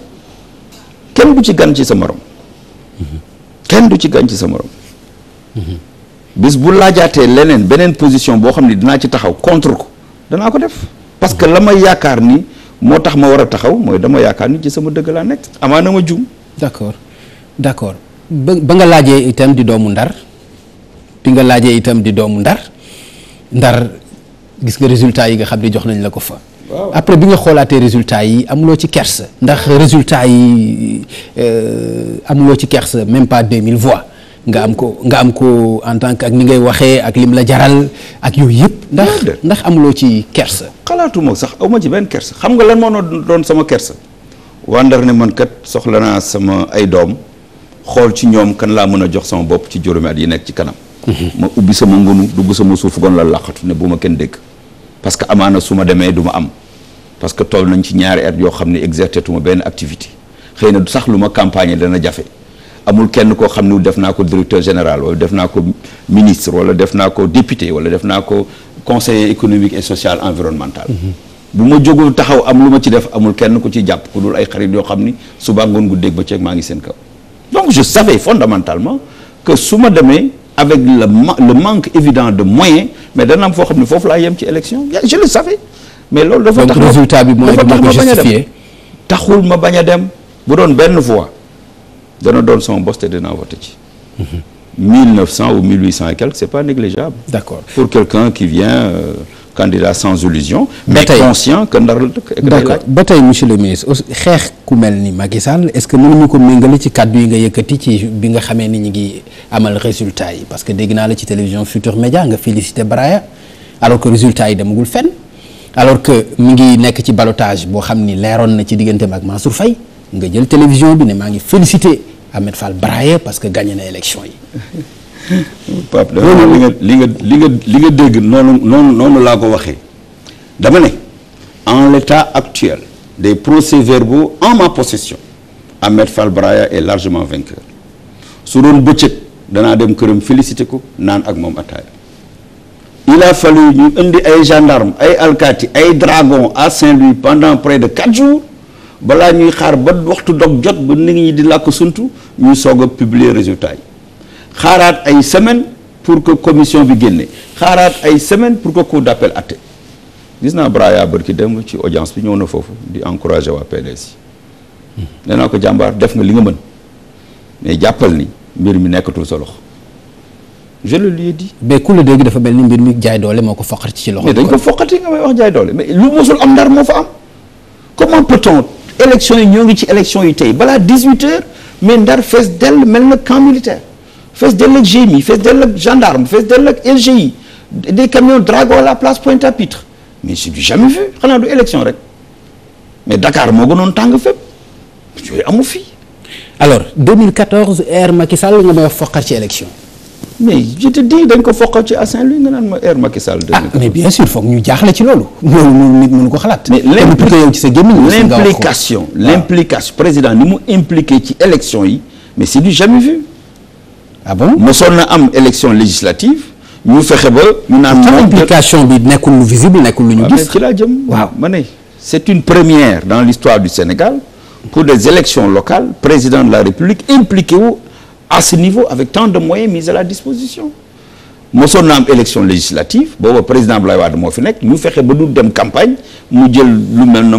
kenn du ci gan ci sa morom kenn du ci gan ci sa morom bis bu laajaatee leneen beneen position boo xam ni dinaa ci taxaw contre ko danaa ko def parce que la may yaakaar ni moo tax ma war a taxaw mooy dama yaakaar ni ci sama dëgg laa nekk amaana ma juum. d'accord d'accord ba ba nga laajee itam di doomu ndar bi nga laajee itam di doomu ndar ndar gis nga résultat yi nga xam ne jox nañ la ko fa. waaw après bi nga xoolaatee résultat yi amuloo ci kersa. ndax résultat yi euh, amuloo ci kersa même pas mille voix. nga am ko nga am ko en tant que ak ni ngay waxee ak lim la jaral ak yooyu yëpp. ndax ndax amuloo ci kersa. xalaatuma sax aw ma ci benn kersa xam nga lan moo doon sama kersa. waa Ndar ne man kat soxla naa sama ay doom xool ci ñoom kan laa mën a jox sama bopp ci juróomi at yi nekk ci kanam. Mhm. ma ubbi sama ngunu dugg sama suuf gon la laqatu ne bu ma kenn dégg. parce que amaana su ma demee duma am parce que toll nañ ci ñaari at yoo xam ne exercer tuma benn activité xëy na sax lu ma campagne dana jafe. amul kenn koo xam ne def naa ko directeur général wala def naa ko ministre wala def naa ko député wala def naa ko conseil économique et social environnemental mhm. bu ma jógul taxaw am lu ma ci def amul kenn ku ci jàpp ku dul ay xarit yoo xam ni suba ngoon guddeeg bëccëg maa ngi seen kaw donc je savais fondamentalement que su ma demee avec le ma le manque évident de moyens mais dana am foo xam ne foofu laa yem ci élection je le savais mais loolu dafa tax résultat bi mooy dafa tax ma bañ a dem taxul ma bañ a dem bu doon benn fois dana doon sama bos te dinaa voté ci. ou 1800 et c'est pas négligeable. d'accord pour quelqu'un qui vient euh, candidat sans illusion. mais conscient que ndar la dëkk. d'accord ba tey monsieur le ministre ku mel ni Macky Sall est-ce que mënuñu ko méngale ci kàddu yi nga yëkkati ci bi nga xamee ni ñu ngi amal résultat yi parce que dégg naa la ci télévision Futur Média nga félicité Braya alors que résultat yi demagul fenn alors que mi ngi nekk ci ballottage boo xam ni leeroon na ci digganteem ak Mansour Faye nga jël télévision Ahmed Fall braillé parce que gagné na élection yi. Pape li nga li nga li nga li nga dégg noonu noonu noonu laa ko waxee dama ne en l'état actuel des procès-verbaux en ma possession Ahmed Fall Braya est largement vainqueur su doon bëccëg danaa dem këram félicité ko naan ak moom ataaya il a fallu ñu indi ay gendarme ay alkaati ay dragon à Saint-Louis pendant près de quatre jours balaa ñuy xaar ba waxtu dog jot ba nit ñi di làkk suntu ñu soog a publier résultat yi xaaraat ay semaine pour que commission bi génne xaaraat ay semaine pour que cour d'appel atte gis naa Braya bërki dem ci audience bi ñëw na foofu di encourager waa PDS yi nee naa ko jàmbaar def nga li nga mën mais jàppal ni mbir mi nekkatul sa loxo je le lui ai dit. mais ku la dégg dafa mel ni mbir mi jaay doole moo ko foqati ci loxo. mais dañ ko foqati nga may wax jaay doole mais lu mosul am ndar moo fa am comment élection yi ñoo ngi ci élection yi tey balaa 18 heures mais ndar fees dell mel na camp militaire fees dell ak GMI fees dell ak gendarme fees dell ak LGI des camions drago à la place Pointe-à-Pitre mais c'est du jamais vu xanaa du élection rek mais Dakar moo gënoon tàng fépp yooyu amu fii alors 2014 ère Macky Sall nga may wax foqar ci mais je te dis dañ ko foqal ci à Saint-Louis nga naan ma air Macky Sall. ah mais bien sûr foog ñu jaaxle ci loolu. loolu moom nit mënu ko xalaat. mais yow ci sa gémmiñ l'implication l'implication président ni mu impliqué ci élection yi mais c'est du jamais vu. ah bon mosoon na am élection législative ñu fexe ba. ñu naan moom implication bi nekkul lu visible nekkul lu ñu ah, gis. ci laa jëm waaw ma ne. c'est une première dans l'histoire du Sénégal pour des élections locales président de la République impliqué wu. à ce niveau avec tant de moyens mis à la disposition mosoon na am élection législative booba président Abdoulaye Wade moo fi nekk ñu fexe ba du dem campagne mu jël lu mel na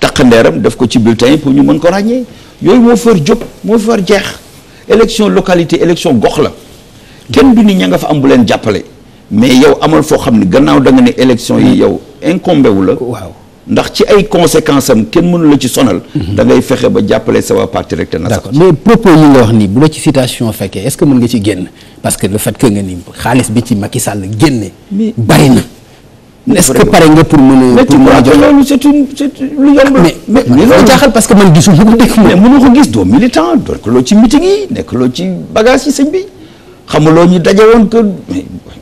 takkandeeram def ko ci bulletin yi pour ñu mën ko ràññee yooyu moo far jóg moo far jeex élection localité élection gox la kenn du ni ña nga fa am bu leen jàppale mais yow amal foo xam ne gannaaw da ne élection yi yow incombé wu la waaw ndax ci ay conséquences am kenn mënu la ci sonal. Mhm. da ngay fexe ba jàppale sa parti rek te na sax. d'accord mais propos yi nga wax nii bu la ci citation fekkee est-ce que mën nga ci génn parce que le fait que nga ni xaalis bi ci Macky Sall génne. bari na. est pare nga pour mën a. pour mën a loolu lu yomb la. mais mais loolu jaaxal parce que man gisul ko dëkk mais mënu ko gis doo militant donc loo ci meeting yi nekk loo ci bagage yi sëñ bi xamuloo ñu daje woon que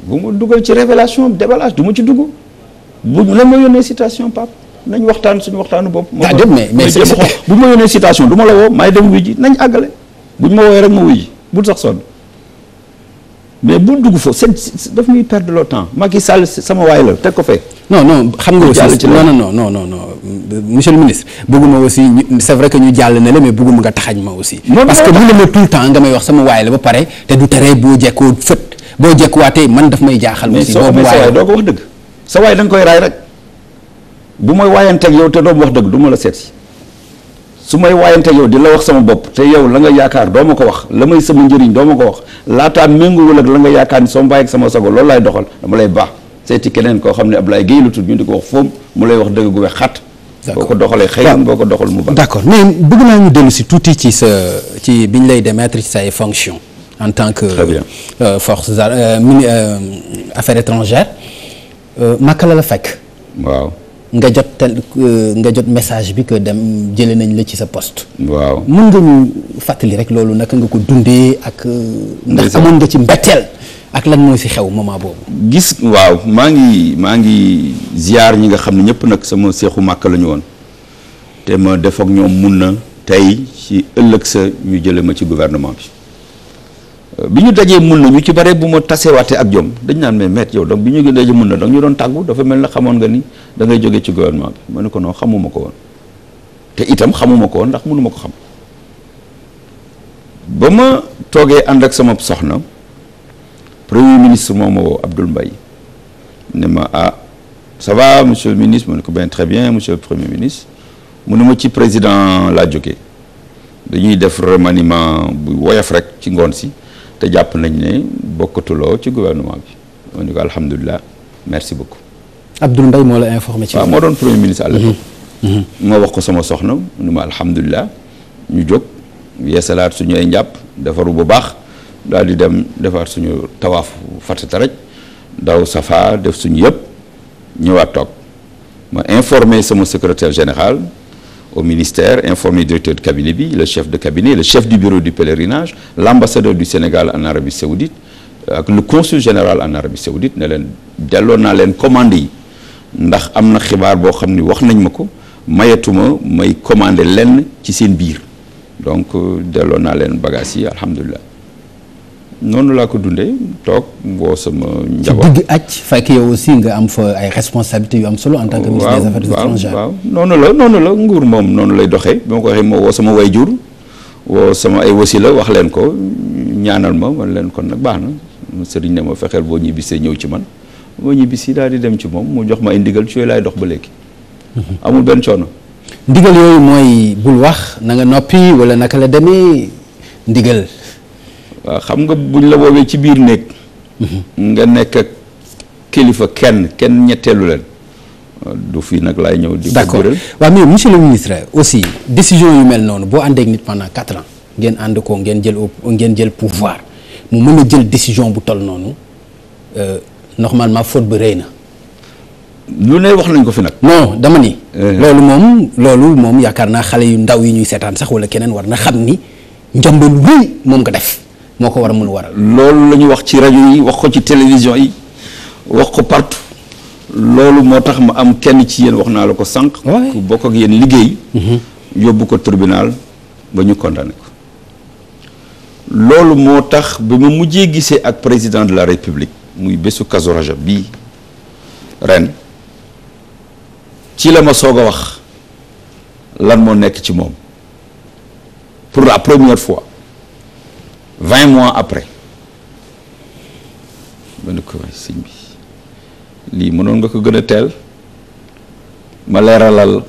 bu ma dugal ci révélation déballage du ma ci dugg bu lan ma yónnee citation Pape. nañ waxtaan suñu waxtaanu bopp. ma ah, dem mais mais c' ma yónnee woo may dem wuy ji nañ àggale buñ ma woowee rek ma wuy ji bul sax sonn mais bul dugg foofu seen daf ñuy perdre le temps Macky Sall sama waay la teg ko fee. non non xam nga aussi non non non na la mais bëgguma nga taxañ ma aussi. parce que bu ne ma tout le temps nga may wax sama waay la ba pare te du tere boo jekkoo fët boo jekkuwaatee man daf may jaaxal. ma boobu waay mais soo amee sa waay doo ko wax dëgg sa waay da koy raay rek. bu may waayanteeg yow te doom wax dëgg duma la seet si su may waayanteeg yow di la wax sama bopp te yow la nga yaakaar doo ma ko wax la may sama njëriñ doo ma ko wax laataa méngoowul ak la nga yaakaar ni soo ma ak sama sago loolu lay doxal dama lay baax seeti keneen koo xam ne Ablaye Guèye la tudd ñu di ko wax foom mu lay wax dëgg gu weex xat boo ko doxalee xëy na boo ko doxal mu baax d'accord mais bëgg naa ñu dellu si tuuti ci sa ci biñ lay démettre ci say fonction en tant que euh, force euh, mini euh, euh, naka la la fekk nga jot tel nga jot message bi que dem jële nañ la ci sa post waaw mën nga ñu fàttali rek loolu naka nga ko dundee ak. ndax amoon nga ci mbetteel ak lan moo si xew moment boobu. gis waaw maa ngi maa ngi ziar ñi nga xam ne ñëpp nag sama seexu màkk lañu woon te ma def ak ñoom mun na tey ci ëllëg sa ñu jële ma ci gouvernement bi. bi ñu dajee mun na ñu ci bare bu ma tasee tasewaatee ak jom dañ naan mais maître yow donc bi ñu dajee mun na donc ñu doon tàggu dafa mel na xamoon nga ni dangay ngay ci gouvernement bi ma ne ko non ma ko woon itam xamuma ko woon ndax mënuma ko xam ba ma toogee ànd ak sama soxna premier ministre moom ma woo Abdoul Mbaye ne ma ah ça monsieur le ministre ma ne ko bien très bien monsieur le premier ministre mu ne ma ci président laa jóge dañuy def remaniement bu woyof rek ci ngoon si te jàpp nañ ne bokkatuloo ci gouvernement bi on dit alhamdulilah merci beaucoup. Abdoul Mbaye moo la informé. ci waaw moo doon premier ministre à mm-hmm. Mm-hmm. wax ko sama soxna nu ma alhamdulilah ñu jóg yeesalaat suñu ay njàpp defaru bu baax daal di dem defaat suñu tawaaf fàttata rek daw safa def suñu yëpp ñëwaat toog ma informé sama secrétaire général. au ministère, informer le directeur de cabinet, le chef de cabinet, le chef du bureau du pèlerinage, l'ambassadeur du Sénégal en Arabie Saoudite, ak le consul général en Arabie Saoudite ne leen delloo naa leen commandé yi ndax am na xibaar boo xam ni wax nañ ma ko mayetuma may commandé lenn ci seen biir donc euh, delloo naa leen bagages yi alhamdulilah. noonu laa ko dundee toog woo sama njaboot. ak àcc fekk yow aussi nga am fa ay responsabilités yu am solo. en tant que ministre des affaires étrangères waaw waaw noonu la noonu la nguur moom noonu lay doxee bi ma ko waxee moo woo sama wayjur woo sama ay wasila wax leen ko ñaanal ma man leen kon nag baax na sëriñ ne ma fexeel boo ñibbisee ñëw ci man boo ñibbisi daal di dem ci moom mu jox ma ay ndigal ci yooyu laay dox ba léegi. Mhm. amul benn coono. ndigal yooyu mooy bul wax na nga noppi wala naka la demee waa xam nga buñ la woowee ci biir néeg mhm. nga nekk kilifa kenn kenn ñetteelu leen du fii nag laay ñëw di d'accord waaw mais monsieur le ministre aussi décision yu mel noonu boo àndeek nit pendant quatre ans ngeen ànd ko ngeen jël ngeen jël pouvoir mu mën a jël décision bu toll noonu euh, normalement faute ba rëy na lu ne wax nañ ko fi nag non dama ni eh. loolu moom loolu moom yaakaar naa xale yu ndaw yi ñuy seetaan sax wala keneen war na xam ni njombe lu moom nga def moo ko war a mun waral. loolu la ñu wax ci rajo yi wax ko ci télévision yi wax ko partout loolu moo tax ma am kenn ci yéen wax naa la ko sànq. ku bokk ak yéen liggéey. Mhm. yóbbu ko tribunal ba ñu condamné ko. loolu moo tax ba ma mujjee gisee ak président de la république muy bésu Kazu Rajab bii ren ci la ma soog a wax lan moo nekk ci moom pour la première fois. vingt mois après ma ne ko waay bi lii mënoon nga ko gën a teel ma leeralal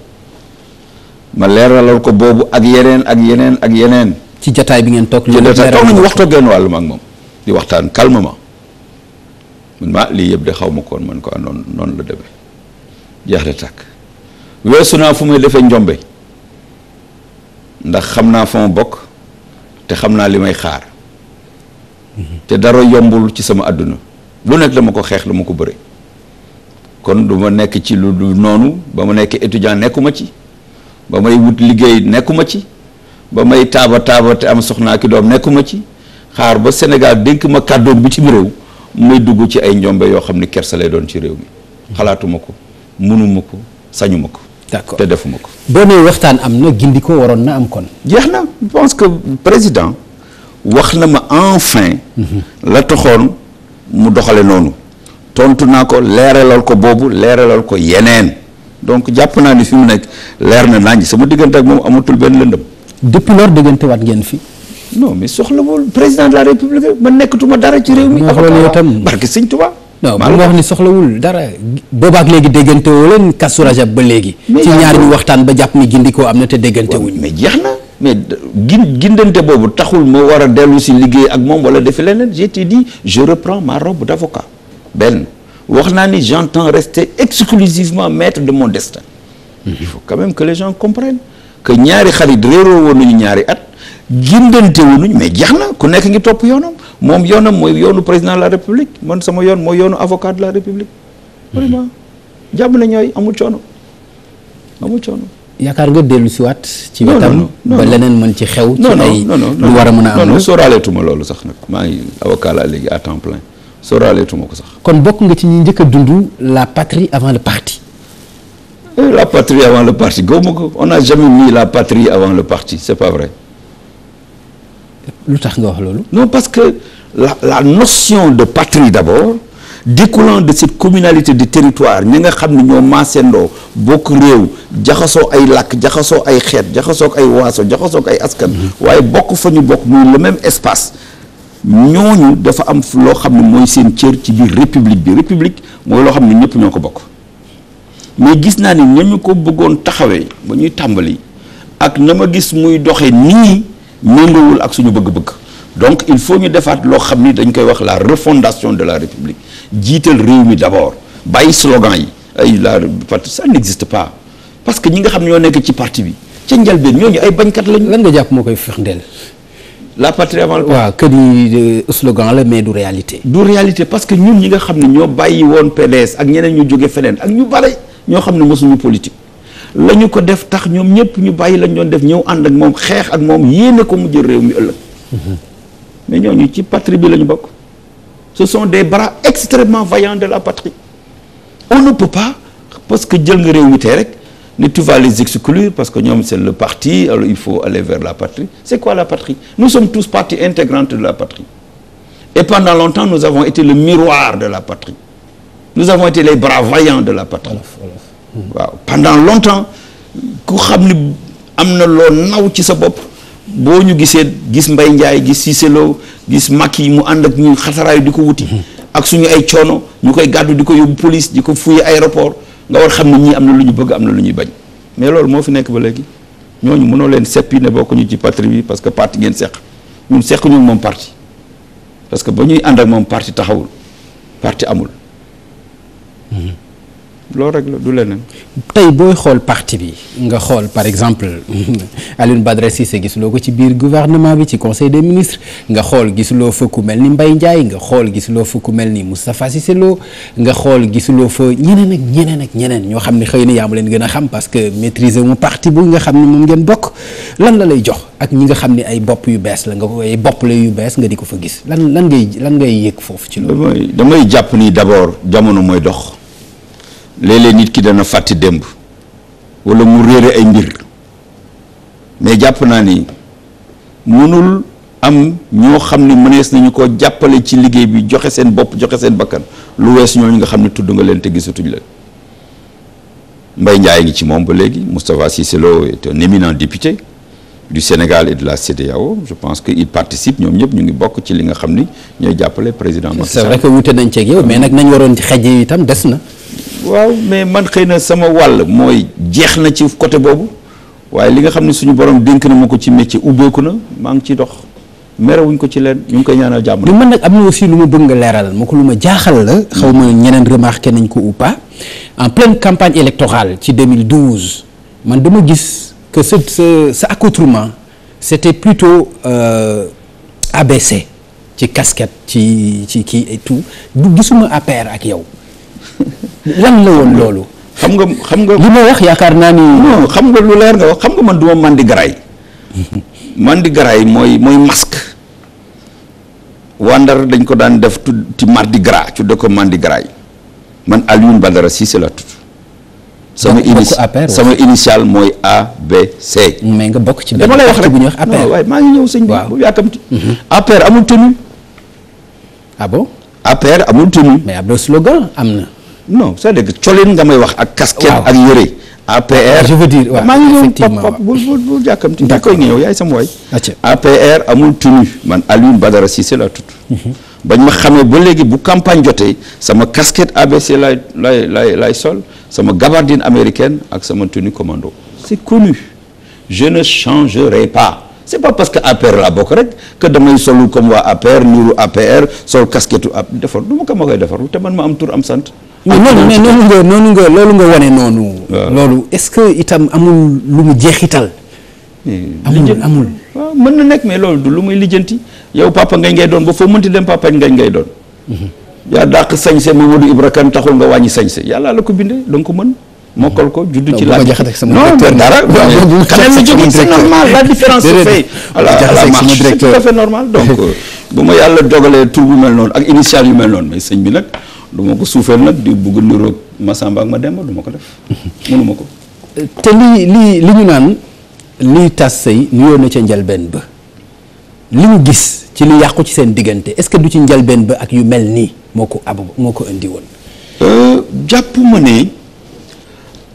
ma leeralal ko boobu ak yeneen ak yeneen ak yeneen. ci jataay bi ngeen toog. loolu toog nañu waxtu genn wàllu ma ak moom. di waxtaan calmement man ma ah, lii yëpp de xaw ma koon man ko anoon ah, noonu la demee jeex de tàkk weesu naa fu muy defee njombe ndax xam naa fa ma bokk te xam naa li may xaar. te dara yombul ci sama àdduna lu nekk dama ko xeex lu ma ko bëre kon du ma nekk ci lu noonu ba ma nekk étudiant nekkuma ci ba may wut liggéey nekkuma ci ba may taaba taaba te am soxnaa ki doom nekkuma ci xaar ba Sénégal dénk ma kàddoom bitim réew may dugg ci ay njombe yoo xam ni kersa lay doon ci réew mi xalaatuma ko mënuma ko sañuma ko d'accord te defuma ko boo nee waxtaan am na gindi ko waroon na am kon jeex na je que président wax na ma enfin la taxoon mu doxale noonu tontu naa ko leeralal ko boobu leeralal ko yeneen donc jàpp naa ni fi mu nekk leer na nañ sama diggante ak moom amatul benn lëndëm depuis lors diggante waat ngeen fi non mais soxlawul président de la nekkatuma dara ci réew mi loolu itam barke sëñ Tuubaa non man nga wax ni soxlawul dara boobaak léegi déggante woo leen kasu rajab ba léegi ci ñaar ñu waxtaan ba jàpp ni gindikoo am na te déggante wuñ mais jeex na mais gin gindante boobu taxul ma war a dellu si liggéey ak moom wala defi leneen je te di je reprends ma robe d'avocat benn wax naa ni j'entends rester exclusivement maître de mon destin mhm. il faut quand même que que ñaari xarit réeroo woon nañu ñaari at gindante wuñu mais jeex na ku nekk ngi topp yoonam moom yoonam mooy yoonu président de la république man sama yoon mooy yoonu avocat de la république mhm. vraiment jàmm na ñooy amul coono amul coono yaakaar nga dellu waat ci wetam ba leneen mën ci xew ci ay lu war a mën a am non sóoraaleetuma loolu sax nag maa ngi avocat laa léegi à temps plein sóoraaleetuma ko sax kon bokk nga ci ñi njëkk a dund la patrie avant le parti eh, la patrie avant le parti gawma ko on n'a jamais mis la patrie avant le parti c'est pas vrai lu tax nga wax loolu non parce que la la notion de patrie d'abord découlant de cette communalité de territoire ñi nga xam ne ñoo maasendoo bokk réew jaxasoo ay làkk jaxasoo ay xeet jaxasoo ay waaso jaxasoo ay askan mhm. waaye bokk fa ñu bokk muy le même espace ñooñu dafa am loo xam ne mooy seen cër ci biir république bi république mooy loo xam ne ñëpp ñoo ko bokk mais gis naa ne ñamu ko bëggoon taxawee ba ñuy tàmbali ak na ma gis muy doxee nii méngoowul ak suñu bëgg-bëgg donc il faut ñu defaat loo xam ni dañ koy wax la refondation de la république jiital réew mi d'abord bàyyi slogan yi ay la parti ça n'existe pas parce que ñi nga xam ne ñoo nekk ci parti bi ca njëlbeen ñooñu ay bañkat lañu. lan nga jàpp moo koy firndeel. la patrie avant le parti. waaw euh, slogan la mais du réalité. du réalité parce que ñun ñi nga xam ne ñoo bàyyi woon PDS ak ñeneen ñu jóge feneen ak ñu bare ñoo xam ne mosuñu politique. la ñu ko def tax ñoom ñëpp ñu bàyyi lañ doon def ñëw ànd ak moom xeex ak moom yéene ko mu jël réew mi ëllëg. Mm-hmm. mais ñooñu ci patrie bi la ñu bokk ce sont des bras extrêmement vaillants de la patrie on ne peut pas parce que jël nga réew mi tey rek ne tu vas les exclure parce que ñoom c'est le parti alors il faut aller vers la patrie c'est quoi la patrie nous sommes tous parti intégrante de la patrie et pendant longtemps nous avons été le miroir de la patri nous avons été les bras vaillants de la patrie waaw pendant longtemps ku xam ni am na loo naw ci sa bopp boo ñu gisee gis mbay Ndiaye gis Cissé Lo gis Macky mu ànd ak ñu xataraayu di ko wuti. Mm-hmm. ak suñu ay coono ñu koy gàddu di ko yóbbu police di ko fouiller aéroport nga war xam ne ñii am na lu ñu bëgg am na lu ñuy bañ mais loolu moo fi nekk ba léegi ñooñu mënoo leen seppi ne bokk ñu ci patrie bi parce que parti ngeen seq ñun seq ñu moom parti parce que ba ñuy ànd ak moom parti taxawul partie amul. Mm-hmm. loolu rek la du leneen. tey booy xool parti bi nga xool par exemple si *laughs* Badara gis loo ko ci biir gouvernement bi ci conseil des ministres nga xool gisuloo fa ku mel ni mbay Ndiaye nga xool gisuloo fa ku mel ni Moustapha Cissé Lo nga xool gisuloo fa ñeneen ak ñeneen ak ñeneen ñoo xam ne xëy na yaa ma leen gën a xam parce que maîtriser mu parti bu nga xam ne moom ngeen bokk lan la lay jox ak ñi nga xam ni ay bopp yu bees la nga ko ay bopp la yu bees nga di ko fa gis lan lan ngay lan ngay yëg foofu ci loolu. damay damay jàpp ni d'abord jamono mooy dox. léeg nit ki dana fàtte démb wala mu réere ay mbir mais jàpp naa ni mënul am ñoo xam ni mënees nañu koo jàppale ci liggéey bi joxe seen bopp joxe seen bakkan lu wees ñooñu nga xam ne tudd nga leen te gisatuñ leen Mbaye Ndiaye ngi ci moom ba léegi Moustapha Cissé Lo est un éminent député du Sénégal et de la CEDEAO je pense que il participe ñoom ñëpp ñu ngi bokk ci li nga xam ni ñooy jàppale président Macky Sall c'est vrai wute nañ ceeg yow mais nag nañ waroon xëj itam des na waaw mais man xëy na sama wàll mooy jeex na ci côté boobu waaye li nga xam ne suñu borom dénk na ma ko ci métier ubbeeku na maa ngi ciy dox merewuñ ko ci leen ñu ngi koy ñaanal jàmm. mais man nag am na aussi lu ma bëgg nga leeral ma ko lu ma jaaxal la. xaw ma ñeneen remarqué nañ ko ou en pleine campagne électorale ci 2012 man dama gis que sa sa sa accoutrement c'était plutôt euh, ABC ci casquette ci ci kii et tout du gisuma APR ak yow. lan la woon loolu. xam nga xam nga. li ma wax yaakaar naa ni. xam nga lu leer nga wax xam nga man du ma mandigaraay *laughs* mandigaraay mooy mooy masque waa Ndar dañ ko daan def tudd ci mardi gras tudde ko mandigaraay man Alioune Badara Cissé la tudd. sama sama initial mooy A B C. mais nga bokk ci benn dama lay wax rek bu ñuy wax APR waaye maa ngi ñëw sëñ bi. waaw bu yàkkamti. Mhm. APR amul tenue. ah bon. amul tenue. mais ab slogan am na. non c'est-à-dire que colin nga may wax ak casquette ak yëre APR je veux dire maa ngi ñëw pop pop bul jàkkamti da koy ñëw yaay sama waay APR amul tenue man Alioune Badara Cissé la tudd mhm. bañ ma xamee ba léegi bu campagne jotee sama casquette ABC laay laay laay laay sol sama gabardine américaine ak sama tenue commando c'est connu je ne changerai pas c'est pas parce que APR laa bokk rek que damay solu comme waa APR niiru APR sol casquette ap defar du ma ko ma koy defarul te man ma am tur am sant. Ah, mais noonu mais noonu nga noonu nga loolu noonu. loolu est-ce que itam amul lu mu jeexital. Eh, amul amul waaw mën na nekk mais loolu du lu muy lijjanti yow papa ngay ngay doon ba foo mënti dem papa ngay ngay doon. Mhm. yaa dàq sañse Mamadou Ibra Kane taxul nga wàññi sañse yàlla la ko bindee da nga ko mën. mokkal ko judd ci la non dara xale lu jóge c'est normal la différence se fait à la marche c'est tout à fait normal donc *laughs* bu ma yàlla dogalee tur bu mel noonu ak initial yu mel noonu mais sëñ bi nag du ma ko suufeel nag di bugg niroog Masamba ak Mademba du ma ko def *laughs* mënuma ko euh, te lii lii li ñu naan liy tas sëy nuyoo na ca njalbeen ba li ñu gis ci li yàqu ci seen diggante est-ce que du ci njalbeen ba ak yu mel nii moo ko ab moo ko indi woon euh, jàpp ma ne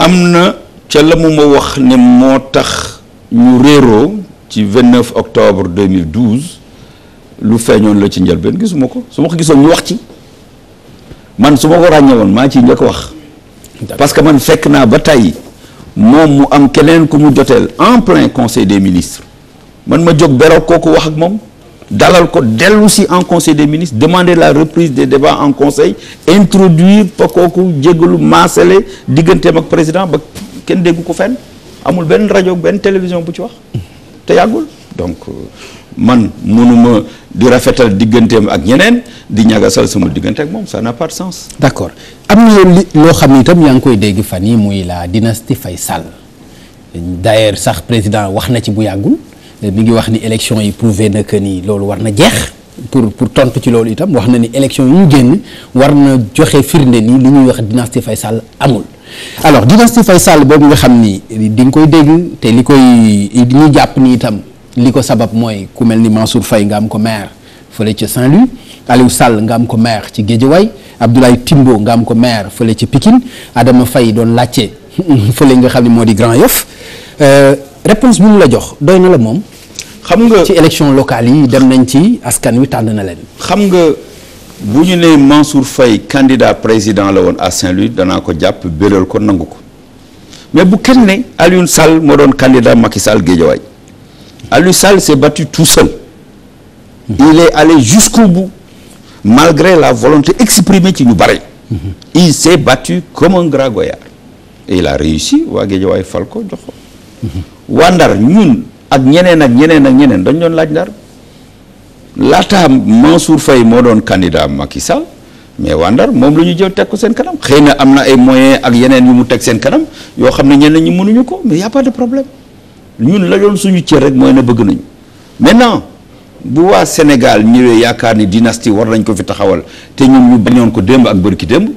am na ca la mu ma wax ne moo tax ñu réeroo ci 29 octobre 2012 lu feeñoon la ci njëlbeen gisuma ko su ma ko gisoon ñu wax ci man su ma ko ràññewoon maa ciy njëkk wax. parce que man fekk naa ba tey moom mu am keneen ku mu joteel en plein conseil des ministres man ma jóg beroog kooku wax ak moom. dalal ko dellu si en conseil des ministres demander la reprise des débats en conseil introduire pa kooku jégalu maasale digganteem ak président ba kenn déggu ko fenn amul benn rajo benn télévision bu ci wax te yàggul donc euh, man mënuma di rafetal digganteem ak ñeneen di ñagasal sama diggante ak moom ça n'a pas de sens. d'accord am na li loo xam ne itam yaa ngi koy dégg fan yi muy la dynastie Faye Sall d'ailleurs sax président wax na ci bu yàggul. mi ngi wax ni élection yi prouvé na nii loolu war na jeex pour pour tontu ci loolu itam wax na ni élection yu ñu génn war na joxe firnde nii li ñuy wax dynastie fay Sall amul. alors dynastie Faye Sall boobu nga xam ni di nga koy dégg te li koy di ñu jàpp ni itam li ko sabab mooy ku mel ni Mansour Faye nga am ko maire fële ca Saint-Louis Aliou Sall nga am ko maire ci Guédiawaye Abdoulaye Timbo nga am ko maire fële ca Pikine Adama Faye doon laajte *laughs* fële nga xam ni moo di Grand Yoff euh, réponse bi mu la jox doy moom. xam nga ci élection locale yi dem nañ ci askan wi tànn na leen. xam nga bu ñu nee Mansour fay candidat président la woon à Saint-Louis danaa ko jàpp béral ko nangu ko mais bu kenn ne Alioune Sall moo doon candidat Macky Sall Guédiawaye Alioune Sall s'est battu tout seul. Mmh. il est allé jusqu'au bout malgré la volonté exprimée ci ñu bare. Mmh. il s'est battu comme un grand il a réussi waa Guédiawaye fal ko jox mmh. waa Ndar ñun. ak ñeneen ak ñeneen ak ñeneen dañ doon laaj ndar laataa Mansour fay moo doon ma ki Sall mais waa ndar moom la ñu jël teg ko seen kanam xëy na am na ay moyen ak yeneen yu mu teg seen kanam yoo xam ne ñeneen ñi mënuñu ko mais y' pas de problème ñun la doon suñu cër rek mooy na bëgg nañu maintenant bu waa Sénégal ñëwee yaakaar ni dynastie war nañ ko fi taxawal te ñun ñu bañoon ko démb ak ki démb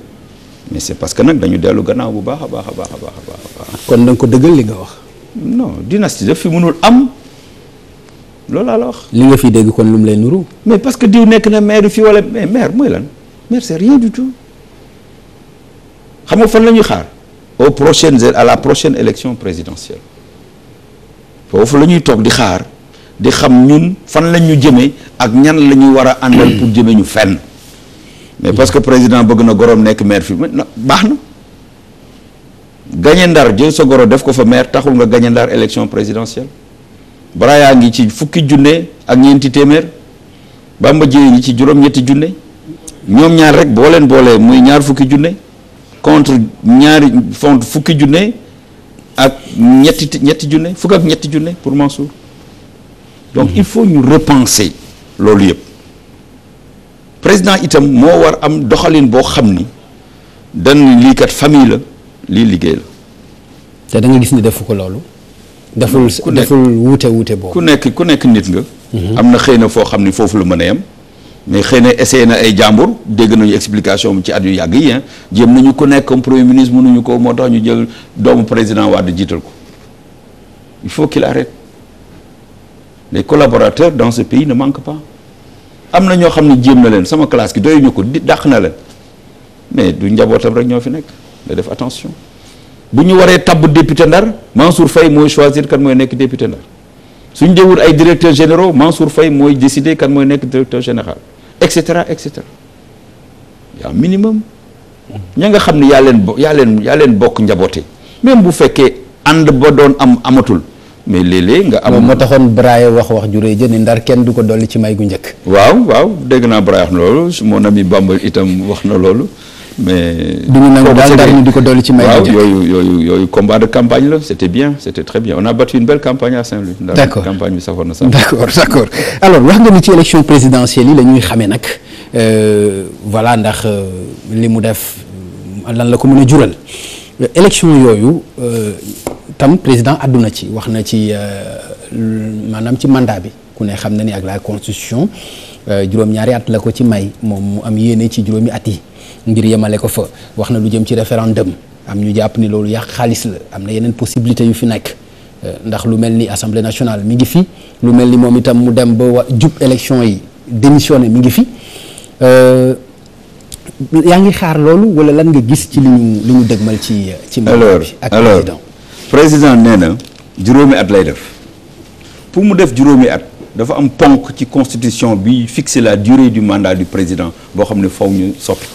mais c' est parce que nag dañu dellu gannaaw bu baax a baax baax a baax a baax. kon da ko dëggal non dynastie daf fi mënul am loolu laa la wax. li nga fi dégg kon lu mu lay nuru. mais parce que diw nekk na maire fii wala mais maire mooy lan maire c'est rien du tout xam nga fan la ñuy xaar aux prochaines à la prochaine élection présidentielle foofu la ñuy toog di xaar di xam ñun fan la ñu jëmee ak ñan la ñuy war a àndal pour jëmee ñu fenn mais parce que président bëgg na gorom nekk maire fii baax na. gañe ndar jël sa goro def ko fa maire taxul nga gañe ndar élection présidentielle Braya ngi ci fukki junne ak ñeenti téeméer ma Dièye ngi ci juróom-ñetti junne ñoom ñaar rek boo leen boolee muy ñaar fukki junne contre ñaari font fukki junne ak ñetti ñetti junne fukk ak ñetti junne pour Mansour donc il faut ñu repenser loolu yëpp président itam moo war am doxalin boo xam ni dañ lii kat famille la lii liggéey la. te da nga gis ni defu ko loolu. deful deful wuute wuute boobu. ku nekk ku nekk nit nga. Mhm. am na xëy na foo xam ni foofu la mën a yem. mais xëy na essayé na ay jàmbur dégg nañu explication ci at yu yàgg yi jéem nañu ko nekk comme ministre mënuñu ko moo tax ñu jël doomu président Wade jiital ko il faut qu'il arrête les collaborateur dans ce pays ne manquent pas am na ñoo xam ne jéem na leen sama classe gi doyuñu ko di dàq na leen mais du njabootam rek ñoo fi nekk. nga def attention bu ñu waree tabb député ndar Mansour fay mooy choisir kan mooy nekk député ndar suñ jëwul ay directeurs généraux Mansour fay mooy décider kan mooy nekk directeur général et cetera et cetera yaa minimum ña nga xam ni yaa leen bo yaa leen yaa leen bokk njaboote même bu fekkee ànd ba doon am amatul mais léeg-léeg nga am moo taxoon Braya wax wax ju rëy jëni ndar kenn du ko dolli ci may gu njëkk waaw waaw dégg naa Braya wax na loolu moo ami Bamba itam wax na loolu mais. du ñu nangu daal dara ñu di ko dolli ci may. waaw yooyu yooyu yooyu combat de campagne la c' était bien c' était très bien on a battu une belle campagne a Saint-Louis. d' accord campagne bi safoon na sax. d' accord d' accord alors wax nga ni ci élection présidentielle yi la ñuy xamee nag euh, voilà ndax euh, li mu def lan la ko mën a jural élection yooyu euh, tam président àdduna ci wax na ci maanaam ci mandat bi ku ne xam na ni ak la constitution. Euh, juróom-ñaari at la ko ci may moom mu am yéene ci juróomi at yi ngir yemale ko fa wax na lu jëm ci référendum am ñu jàpp ni loolu yàq xaalis la am na yeneen possibilité yu fi nekk euh, ndax lu mel ni assemblée nationale mi ngi fi lu mel ni moom itam mu dem ba wa jub élection yi démissionné mi ngi fi euh, yaa ngi xaar loolu wala lan nga gis ci li ñu li ñu dëgmal ci ci alors ak président président nee na juróomi at lay def pour mu def juróomi at dafa am ponk ci constitution bi fixe la durée du mandat du président boo xam ne faw ñu soppi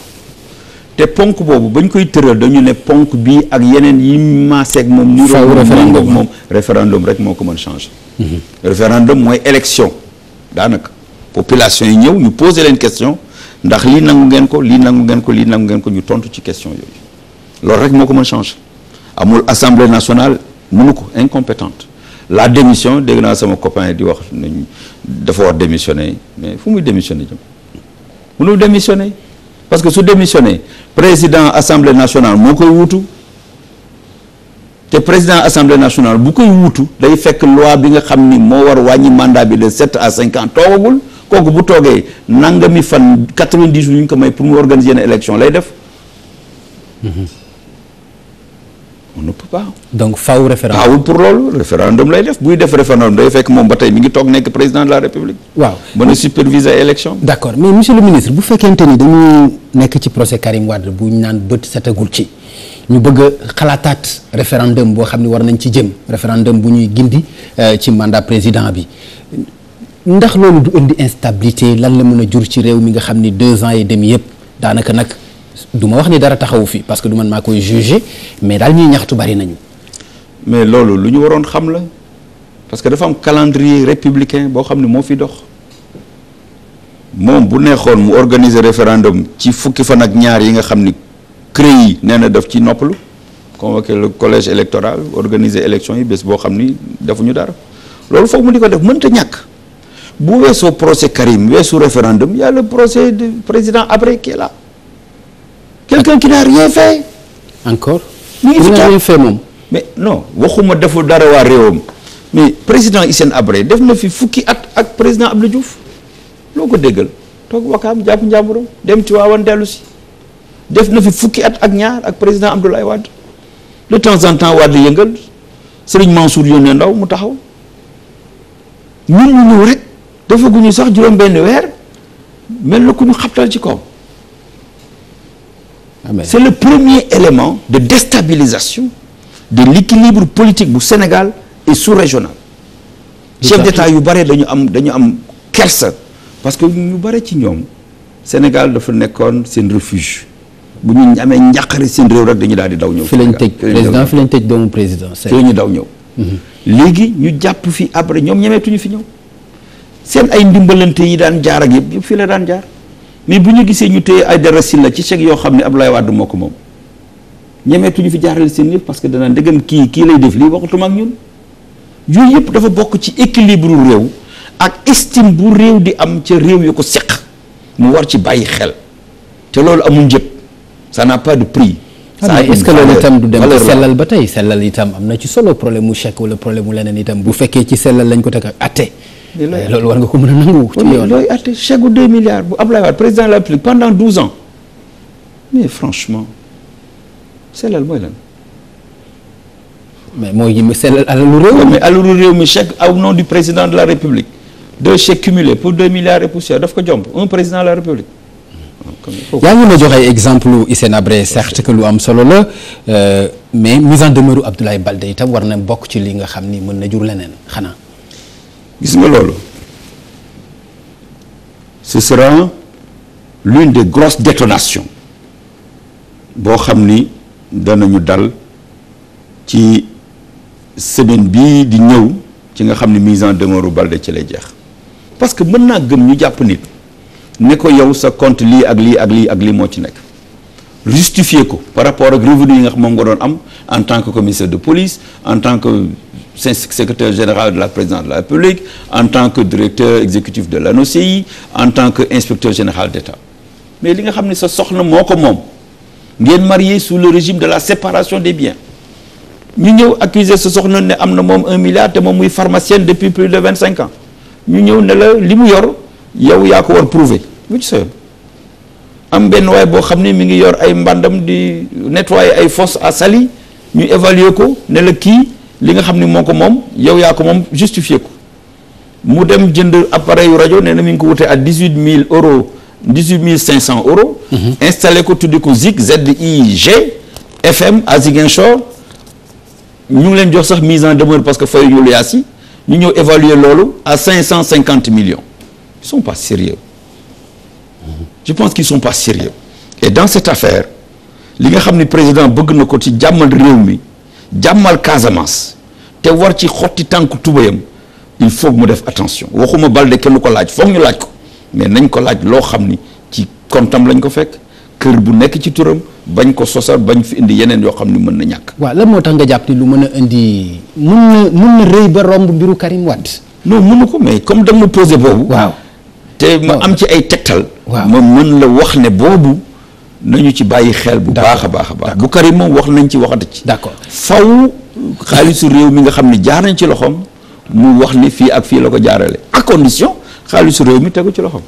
te ponk boobu bañ koy tëral dañu ne ponk bii ak yeneen yi maaseeg moom ni référendum moom référendum rek moo ko mën changer mhm. référendum mooy élection daanaka population yi ñëw ñu poser leen question ndax lii nangu ngeen ko lii nangu ngeen ko lii nangu ngeen ko ñu tontu ci question yooyu loolu rek moo ko mën changer amul assemblée nationale mënu ko incompétente la démission dégg naa sama copain di wax nañ dafa war démissionner mais fu muy démissionner jëm mënul démissionner parce que su démissionner président assemblée nationale moo koy wutu te président assemblée nationale bu koy wutu day fekk loi bi nga xam ni moo war wàññi mandat bi de sept à cinq ans toogagul kooku bu toogee mi fan quatre-vingt-dix yu ñu ko may pour mu organiser une élection lay def. Mm-hmm. on ne peut pas. donc faaw référendum faaw pour loolu lay def buy def référendum day fekk moom ba tey mi ngi toog nekk président de la république. waaw mën a superviser élection. d' accord mais monsieur le ministre bu fekkente ni dañuy nekk ci procès Karim Wade bu ñu naan bët setagul ci ñu bëgg a xalaataat référendum boo xam ne war nañ ci jëm référendum bu ñuy gindi euh, ci mandat président bi ndax loolu du indi instabilité lan la mën a jur ci réew mi nga xam ni deux ans et demi yëpp daanaka nag. du ma wax ni dara taxawu fi parce que du man maa koy jugé mais daal ñuy ñaxtu bari nañu. mais loolu lu ñu waroon xam la parce que dafa am calendrier républicain boo xam ne moo fi dox moom bu neexoon mu organiser référendum ci fukki fan ak ñaar yi nga xam ni CREI yi nee na daf ci noppalu convoquer le collège électoral organiser élection yi bés boo xam ni defuñu dara loolu foog mu di ko def mënta ñàkk bu weesoo procès Karim weesu référendum y a le procès du président Habré qui est quelqu'un qui n'a rien fait. encore. mu ngi fi toog rien fait moom. mais non waxuma defu dara waa réewam mais président seen Habré def na fi fukki at ak président Abdou Diouf loo ko déggal toog wakaam jàpp njàmburam dem Tiwaawan dellu si def na fi fukki at ak ñaar ak président Abdoulaye Wade de temps en temps Wade yëngal Serigne Mansour yónnee ndaw mu taxaw ñun ñu ñëw rek defaguñu sax juróom-benn weer mel na ku ñu xabtal ci kaw Ah, c'est le premier élément de déstabilisation de l'équilibre politique bu Sénégal et sous-régional chef d'État yu bare dañu am dañu am kersa parce que ñu bare ci ñoom Sénégal dafa nekkoon seen refuge bu ñu amee njàqare seen réew rek dañu daal di daw ñëw fi lañ tëj président fi lañ tëj président fi lañu daw ñëw mhm. léegi ñu jàpp fi après ñoom ñemeetuñu fi ñëw seen ay ndimbalante yi daan jaar ak yëpp yëpp fii la daan jaar mais bu ñu gisee ñu téye Aïdara Sylla ci chèque yoo xam ne Abdoulaye Wade moo ko moom ñemeetuñu fi jaarale seen yëpp parce que danaa ndegam kii kii lay def lii waxatuma ak ñun yooyu yëpp dafa bokk ci équilibre réew ak estime bu réew di am ca réew yu ko seq mu war ci bàyyi xel te loolu amul njëpp ça n'a pas de prix. saa est-ce que loolu du dem sellal ba tey sellal itam am na ci solo problème mu chèque wala problème mu leneen itam bu fekkee ci sellal lañ ko teg ak loolu war nga ko mën a nangu. ci yoon looy àtte chèque bu 2 milliards bu Ablaye Wade président de la République mooy lan. mais mooy ñu sellal alalu réew mi. mais alalu mi chèque au nom du président de la République pour 2 milliards et poussière ko jomb un président de la République. yaa ngi ma jox ay exemple Hissène Habré certes que lu am solo la euh, mais mise en demeure Abdoulaye Baldé itam war na bokk ci li nga xam ni mën na jur leneen xanaa. gis nga loolu ce sera l'une des grosses détonations boo xam ni ñu dal ci semaine bii di ñëw ci nga xam ni mise en demeure Balde ci lay jeex parce que mën naa gëm ñu jàpp nit ne ko yow sa compte lii ak lii ak lii ak lii moo ci nekk justifier ko par rapport ak revenu yi nga xam moom nga doon am en tant que commissaire de police en tant que secrétaire général de la présidence de la République en tant que directeur exécutif de l'ANOCI en tant que inspecteur général d'État mais li nga xam ne sa soxla moo ko moom ngeen marié su le régime de la séparation des biens ñu ñëw accuser sa soxna ne am na moom un milliard te moom muy pharmacienne depuis plus de vingt cinq ans ñu ñëw ne la li mu yor yow yaa ko war prouver lu ci sa yoon am benn waay boo xam ne mi ngi yor ay mbandam di nettoyer ay fosse à Saly ñu évaluer ko li nga xam ni moo ko moom yow yaa ko moom justifié ko mu dem jënd appareil yu rajo nee na mi ngi ko wutee à dix huit mille euros dix huit mille cinq cent euros. Mhm. installé ko tuddi ko Zik ZIG FM à Ziguinchor ñu leen jox sax mise en demeure parce que fay ñu lu yaasi ñu ñëw évaluer loolu à cinq cent cinquante millions ils sont pas sérieux mhm. je pense qu'ils sont pas sérieux et dans cette affaire li nga xam ni président bëgg na ko ci jàmmal réew mi. jàmmal Casamance te war ci xotti tànk tubéyam il faut mu def attention waxuma Balde kenn du ko laaj foog ñu laaj ko mais nañ ko laaj loo xam ni ci tam lañ ko fekk kër bu nekk ci turam bañ ko sosal bañ fi indi yeneen yoo xam ni mën na ñàkk. waaw lan moo tax nga jàpp ni lu mën a indi. mun na mun na rëy ba romb mbiru Karim Wade. non mënu ko may comme da nga ma boobu. waaw te ma am ci ay tegtal. waaw ma mën la wax ne boobu. nañu ci bàyyi xel bu baax a baax a baax bu Karim moom wax nañ ci waxata ci d'accord faw xaalisu réew mi nga xam ni jaar nañ ci loxoom mu wax ni fii ak fii la ko jaarale à condition xaalisu réew mi tegu ci loxoom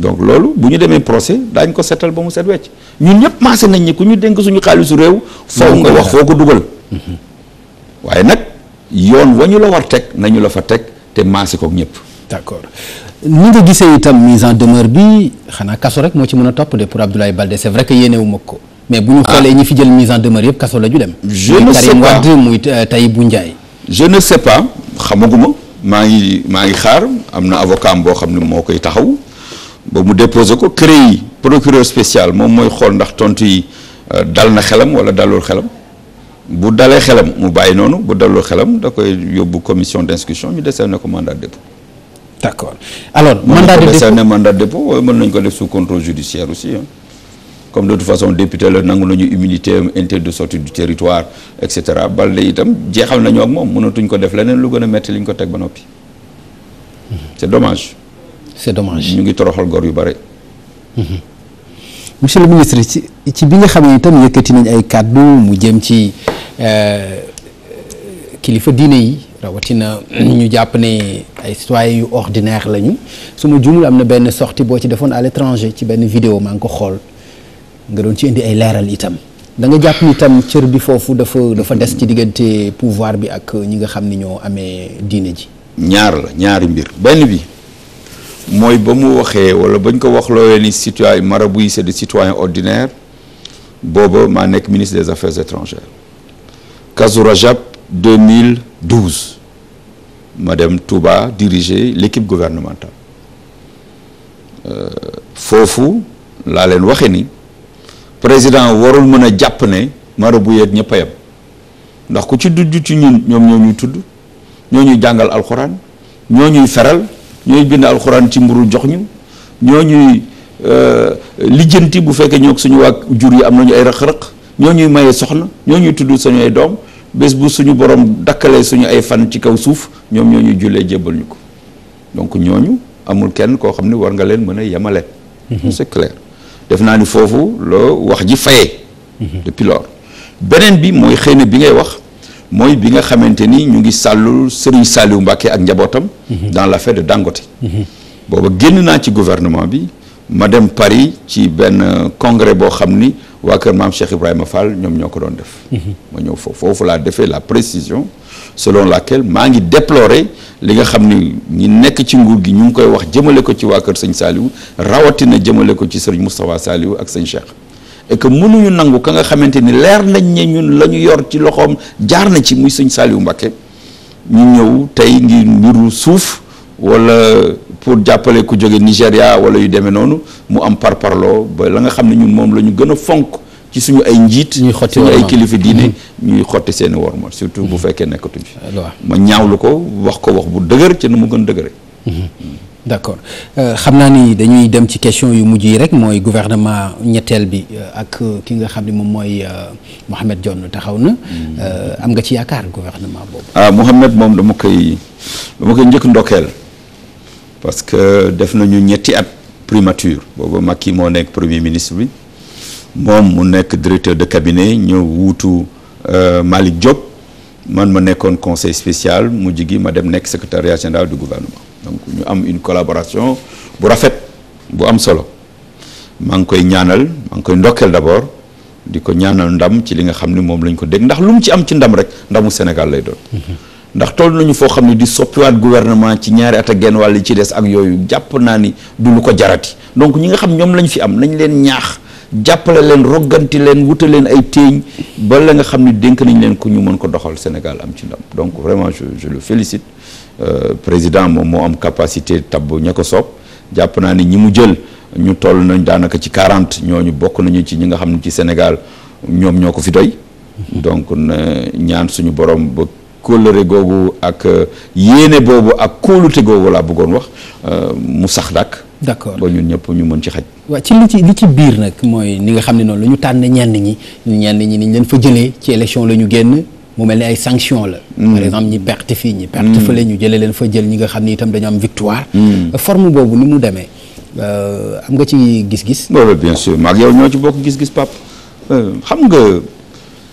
donc loolu bu ñu demee procès daañ ko setal ba mu set wecc ñun ñëpp maase nañ ñi ku ñu dénk suñu xaalisu réew faw nga wax foo ko dugal mhm. waaye nag yoon wa ñu la war teg nañu la fa teg te maase kook ñëpp d'accord ni nga gisee itam mise en demeure bi xanaa kaso rek moo ci mën a topp de pour Abdoulaye Baldé c'est vrai que yéene wu ma ko mais bu ñu ah. xoolee ñi fi jël mise en demeure yëpp kaso la ñu dem. je euh, ne sais pas muy Karim Wade xamaguma maa ngi maa ngi xaar am na avocat am boo xam ne moo koy taxaw ba mu déposé ko CREI yi procureur spécial moom mooy xool ndax tontu yi euh, dal na xelam wala dalul xelam bu dalee xelam mu bàyyi noonu bu dalul xelam da koy yóbbu commission d'instruction ñu desee na ko mandat de d' accord alors. mandat de dépôt mandat de dépôt mën nañu ko def sous contrôle judiciaire aussi hein. comme de toute façon député la nangu nañu immunité interdit de sortie du territoire et cetera Baldé itam jeexal nañu ak moom mënatuñ ko def leneen lu gën a métti li ñu ko teg ba noppi. Mhm. c' est dommage. c' ñu ngi toroxal gor yu bare. Mhm. monsieur le ministre ci bi nga xam ne itam yëkkati nañ ay kàddu mu jëm ci euh, kilifa diine yi. rawatina ñu jàpp ne ay citoyens yu ordinaire lañu su ma juumul am na benn sortie boo ci defoon à l'étranger ci benn vidéo maa ngi ko xool nga doon ci indi ay leeral itam da nga jàpp ni itam cër bi foofu dafa dafa des ci diggante pouvoir bi ak ñi nga xam ni ñoo amee diine ji. ñaar la ñaari mbir benn bi mooy ba mu waxee wala bañ ko wax looyee ni citoyen marabu yi c'est des citoyens ordinaires booba maa nekk ministre des affaires étrangères Kazu Rajab ma dem Touba diriger l'équipe gouvernementale euh, foofu laa leen waxe ni président warul mën a jàpp ne marabu yeeg ñëpp a yem ndax ku ci dudd ci ñun ñoom ñoo ñuy tudd ñoo ñuy jàngal alxuraan ñoo ñuy feral ñooy bind alxuraan ci mburu jox ñu ñoo ñuy euh, lijjanti bu fekkee ñoo suñu waa jur yi am nañu ay rëq-rëq ñoo ñuy maye soxna ñoo ñuy tudd sañu ay doom bés bu suñu borom dakkalee suñu ay fan ci kaw suuf ñoom ñoo ñu jullee jébbal ñu ko donc ñooñu amul kenn koo xam ne war nga leen mën a yemale. Mhm. c'est clair def naa ni foofu loo wax ji fayee. Mhm. depuis lors beneen bi mooy xëy na bi ngay wax mooy bi nga xamante ni ñu ngi sàllul Serigne Saliou Mbacké ak njabootam. Mhm. dans la l'affaire de Dangote. booba génn naa ci gouvernement bi ma dem Paris ci benn congrès boo xam ni. waa kër maam Cheikh Ibrahima Fall ñoom ñoo ko doon def. ma ñëw foofu foofu laa defee la précision selon laquelle maa ngi déplorer li nga xam ni ñi nekk ci nguur gi ñu ngi koy wax jëmale ko ci waa kër sëñ saaliw rawatina jëmale ko ci sëñ Moustapha saaliw ak sëñ Cheikh. et que mënuñu nangu ka nga xamante ni leer nañ ne ñun la ñu yor ci loxoom jaar na ci muy sëñ Saliou Mbacké ñu ñëw tey ngir mbiru suuf. wala pour jàppale ku jóge nigeria wala yu demee noonu mu am par parparloo ba la nga xam ne ñun moom la ñu gën a fonk ci suñu ay njiit suñu ay kilifa diine mm-hmm. ñuy xotti seen i surtout bu mm-hmm. fekkee nekkatuñ fi ma ñaawlu ko wax ko wax bu dëgër ci na mu gën dëgëre mm-hmm. d'accord euh, xam naa ni dañuy dem ci question yu mujj yi rek mooy guvernement ñetteel bi euh, ak euh, ki nga xam ne moom mooy Mohamed Dionne taxaw na am nga ci yaakaar gouvernement boobu ah Mohamed moom dama koy dama koy njëkk parce que def nañu ñetti at boobu booba Macky moo nekk premier ministre bi moom mu nekk directeur de cabinet ñëw wuutu euh, Malick Diop man ma nekkoon conseil spécial mu jigi ma dem nekk secrétariat général du gouvernement donc ñu am une collaboration bu rafet bu am solo maa ngi koy ñaanal man ngi koy ndokkeel d'abord di ko ñaanal ndam ci li nga xam ni moom lañ ko dégg ndax lu mu ci am ci ndam rek ndamu Sénégal lay doon. Mm-hmm. ndax toll nañu foo xam ne di soppiwaat gouvernement ci ñaari at genn wàll ci des ak yooyu jàpp naa ni du lu ko jarati donc ñi nga xam ñoom lañ fi am nañ leen ñaax jàppale leen rogganti leen wuta leen ay téeñ ba la xam ne dénk nañ leen ko ñu mën ko doxal Sénégal am ci ndam donc vraiment je je le félicite euh, président moom moo am capacité tabb ña ko soob jàpp naa ni ñi mu jël ñu toll nañ daanaka ci 40 ñu bokk nañu ci ñi nga xam ne ci Sénégal ñoom ñoo ko fi doy donc ñaan suñu borom ba kóllëre googu ak euh, yéene boobu ak kóolute googu laa bëggoon wax euh, mu sax dak d'accord ba ñun ñëpp ñu mën ci xaj waaw ci li ci li ci biir nag mooy ni nga xam ne noonu lu ñu tànn ñenn ñi ñenn ñi niñ leen fa jëlee ci élection la ñu génn mu mel ni ay sanction la mm. par exemple ñi perte fii ñi perte mm. fële ñu jëlee leen fa jël ñi nga xam ne itam dañu am victoire mm. forme boobu ni mu demee euh, am nga ci gis-gis loolu bien sûr yow ñoo ci bokk gis-gis pap xam nga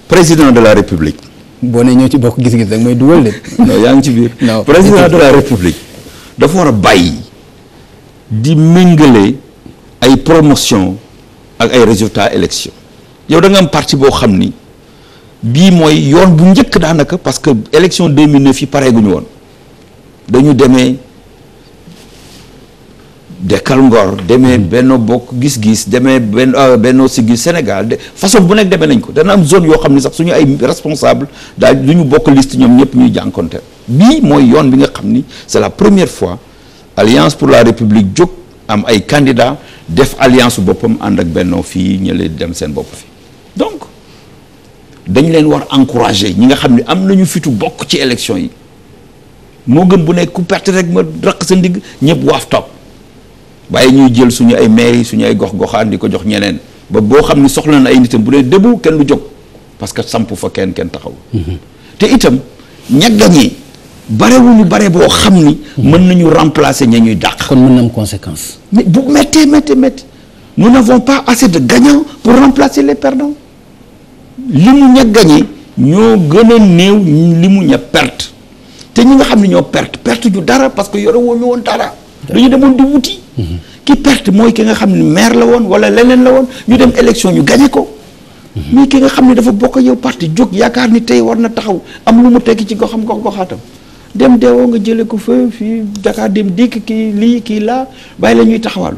président de la république boo nee ñoo ci bokk gis-gis rek mooy dugal de. non yaa ngi ci biir. président de la république dafa war a bàyyi di méngale ay promotion ak ay résultats élection yow da nga am partie boo xam ni bii mooy yoon bu njëkk daanaka parce que élection 2009 yi pareeguñu woon dañu demee. dekkal ngor demee benno bokk gis-gis demee benn euh, benno siggi Sénégal de façon bu nekk demee nañ ko dana am zone yoo xam ne sax suñu ay responsable daal lu ñu bokk liste ñoom ñëpp ñuy jànkonte bii mooy yoon bi nga xam ni c'est la première fois alliance pour la république jóg am ay candidat def alliance boppam ànd ak benno fii ñële dem seen bopp fi donc dañ leen war encourager ñi nga xam ni am nañu fitu bokk ci élection yi moo gën bu nekk ku perte rek ma raq sa ndigg ñëpp waaf topp waaye ñuy jël suñu ay maires yi suñu ay gox-goxaan di ko jox ñeneen ba boo xam ni soxla na ay nitam bu dee dëbu kenn du jóg parce que samp fa kenn kenn taxaw mhm. te itam ñaggañ yi barewuñu bare boo xam ni mhm. mën nañu remplacer ña ñuy dàq kon mën na am conséquence mais bu méttee méttee métti nous n'avons pas assez de gagnants pour remplacer les perdants li mu ña gañe ñoo gën a néew li mu ña perte te ñu nga xam ne ñoo perte perte ju dara parce que yore woon ñu woon dara demoon di wuti ki perte mooy ki nga xam ni maire la woon wala leneen la woon ñu dem élection ñu gagné ko. mais ki nga xam ne dafa bokk yow parti jóg yaakaar ni tey war na taxaw am lu mu tekki ci goxam gox goxaatam dem deewoo nga jëlee ko fa fii Dakar dem dikk kii lii kii laa bàyyi la ñuy taxawal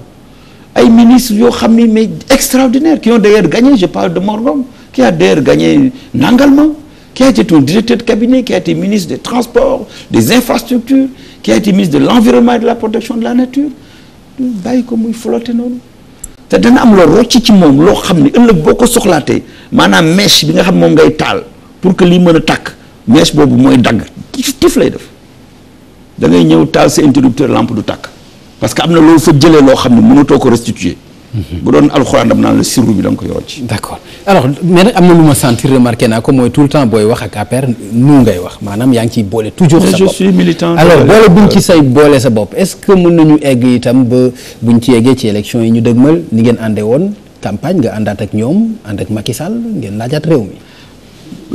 ay ministre yoo xam ni mais extraordinaire qui ont d'ailleurs gagné je parle de Morgom qui a d'ailleurs gagné Nangalma qui a été ton directeur de cabinet qui a été ministre des transports des infrastructures qui a été ministre de l'environnement et de ñu bàyyi ko muy flotter noonu te dana am loo rocc ci moom loo xam ne ëllëg boo ko soxlaatee maanaam meche bi nga xam moom ngay taal pour que lii mën a tàkk mèche boobu mooy dagg tif lay def da ngay ñëw taal sa interrupteur làmp du tàkk parce que am na loo fa jëlee loo xam ne mënatoo ko restituer bu doon alxuraan dam naan la sirru bi da nga koy rocc. d' accord alors nag am na lu ma sentir remarqué naa ko mooy tout le temps booy wax ak APR nu ngay wax maanaam yaa ngi ciy boole toujours. sa bopp je suis militant alors boole ci euh, say boole sa bopp est ce que mën nañu egg itam ba buñ ci yeggee ci élection yi ñu dëgmal ni ngeen àndee woon campagne nga àndaat ak ñoom ànd ak Macky Sall ngeen laajaat réew mi.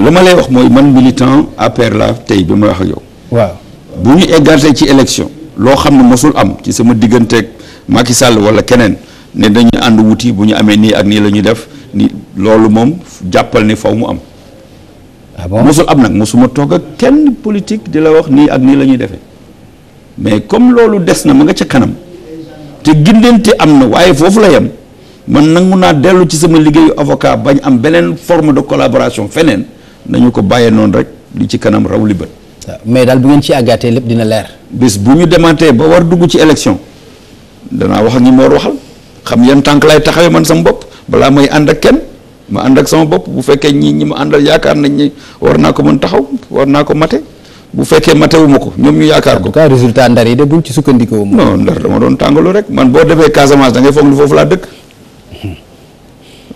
li ma lay wax mooy man militant APR la tey bi ma wax ak waaw bu ñu ci élection loo xam ne mosul am ci sama digganteeg Macky Sall wala keneen. ne dañu ànd wuti bu ñu amee nii ak nii la ñuy def nii loolu moom jàppal ni faw mu am. ah bon mosul am nag mosuma toog ak kenn politique di la wax nii ak nii la ñuy defee mais comme loolu des na mu nga ca kanam te gindente am na waaye foofu la yam man nangu naa dellu ci sama liggéeyu avocat bañ am beneen forme de collaboration feneen nañu ko bàyyee noonu rek li ci kanam raw li bët. Ah, mais daal bu ngeen ci àggaatee lépp dina leer. bés bu ñu demaatee ba war dugg ci élection danaa xam yan tànk lay taxawee man sama bopp balaa may ànd ak kenn ma ànd ak sama bopp bu fekkee ñi ñi ma àndal yaakaar nañ ni war naa ko mën taxaw war naa ko mate bu fekkee matewu ma ko ñoom ñu yaakaar ko. en tout cas résultat ndar yi de buñ ci sukkandikoo. non ndar dama doon tàngalu rek man boo defee Casamance da ngay foog ni foofu laa dëkk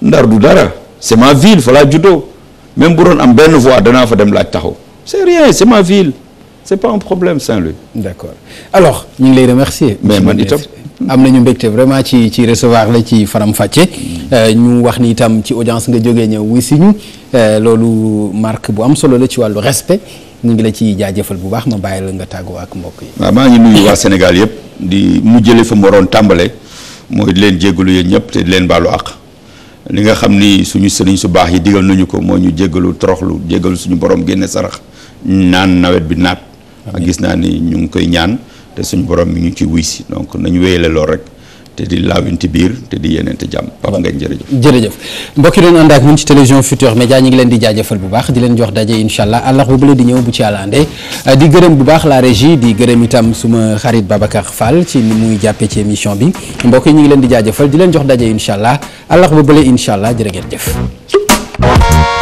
ndar du dara c'est ma ville fa laa juddoo même bu doon am benn voix danaa fa dem laaj taxaw c'est rien c'est ma ville c'est pas un problème alors ñu ngi lay remercier. mais man itam. am nañu mbégte vraiment ci ci recevoir la ci faram fàcce euh, ñu wax ni itam ci audience nga jógee ñëw wu si ñu euh, loolu marque bu am solo la ci wàllu respect ñu ngi la ci jaajëfal bu baax ma bàyyi la nga tàggoo ak mbokk yi. maa ngi nuyu waa Sénégal yëpp di mu jëlee fa mu waroon tàmbale mooy leen jégalu yéen ñëpp te di leen baalu àq li nga xam ni suñu sëriñ su baax yi digal nañu ko moo ñu jégalu toroxlu jégalu suñu borom génne sarax naan nawet bi naat. gis naa ni ñu ngi koy ñaan. te suñ borom mi ñu ci wuy si donc nañ wéyale lool rek te di laawinti biir te di yeneente jàmm Pape Ngagne jërëjëf jërëjëf mbokki doon ànd ak ñun ci télévision Futurs Médias ñi ngi leen di jaajëfal bu baax di leen jox daje incha allah ba bële di ñëw bu ci yàlla àndee di gërëm bu baax la régie di gërëm itam suma xarit Babacar Fall ci ni muy jàppee ci émission bi mbokk yi ngi leen di jaajëfal di leen jox daje incha allah allah ba bële incha allah jërë ngeen jëf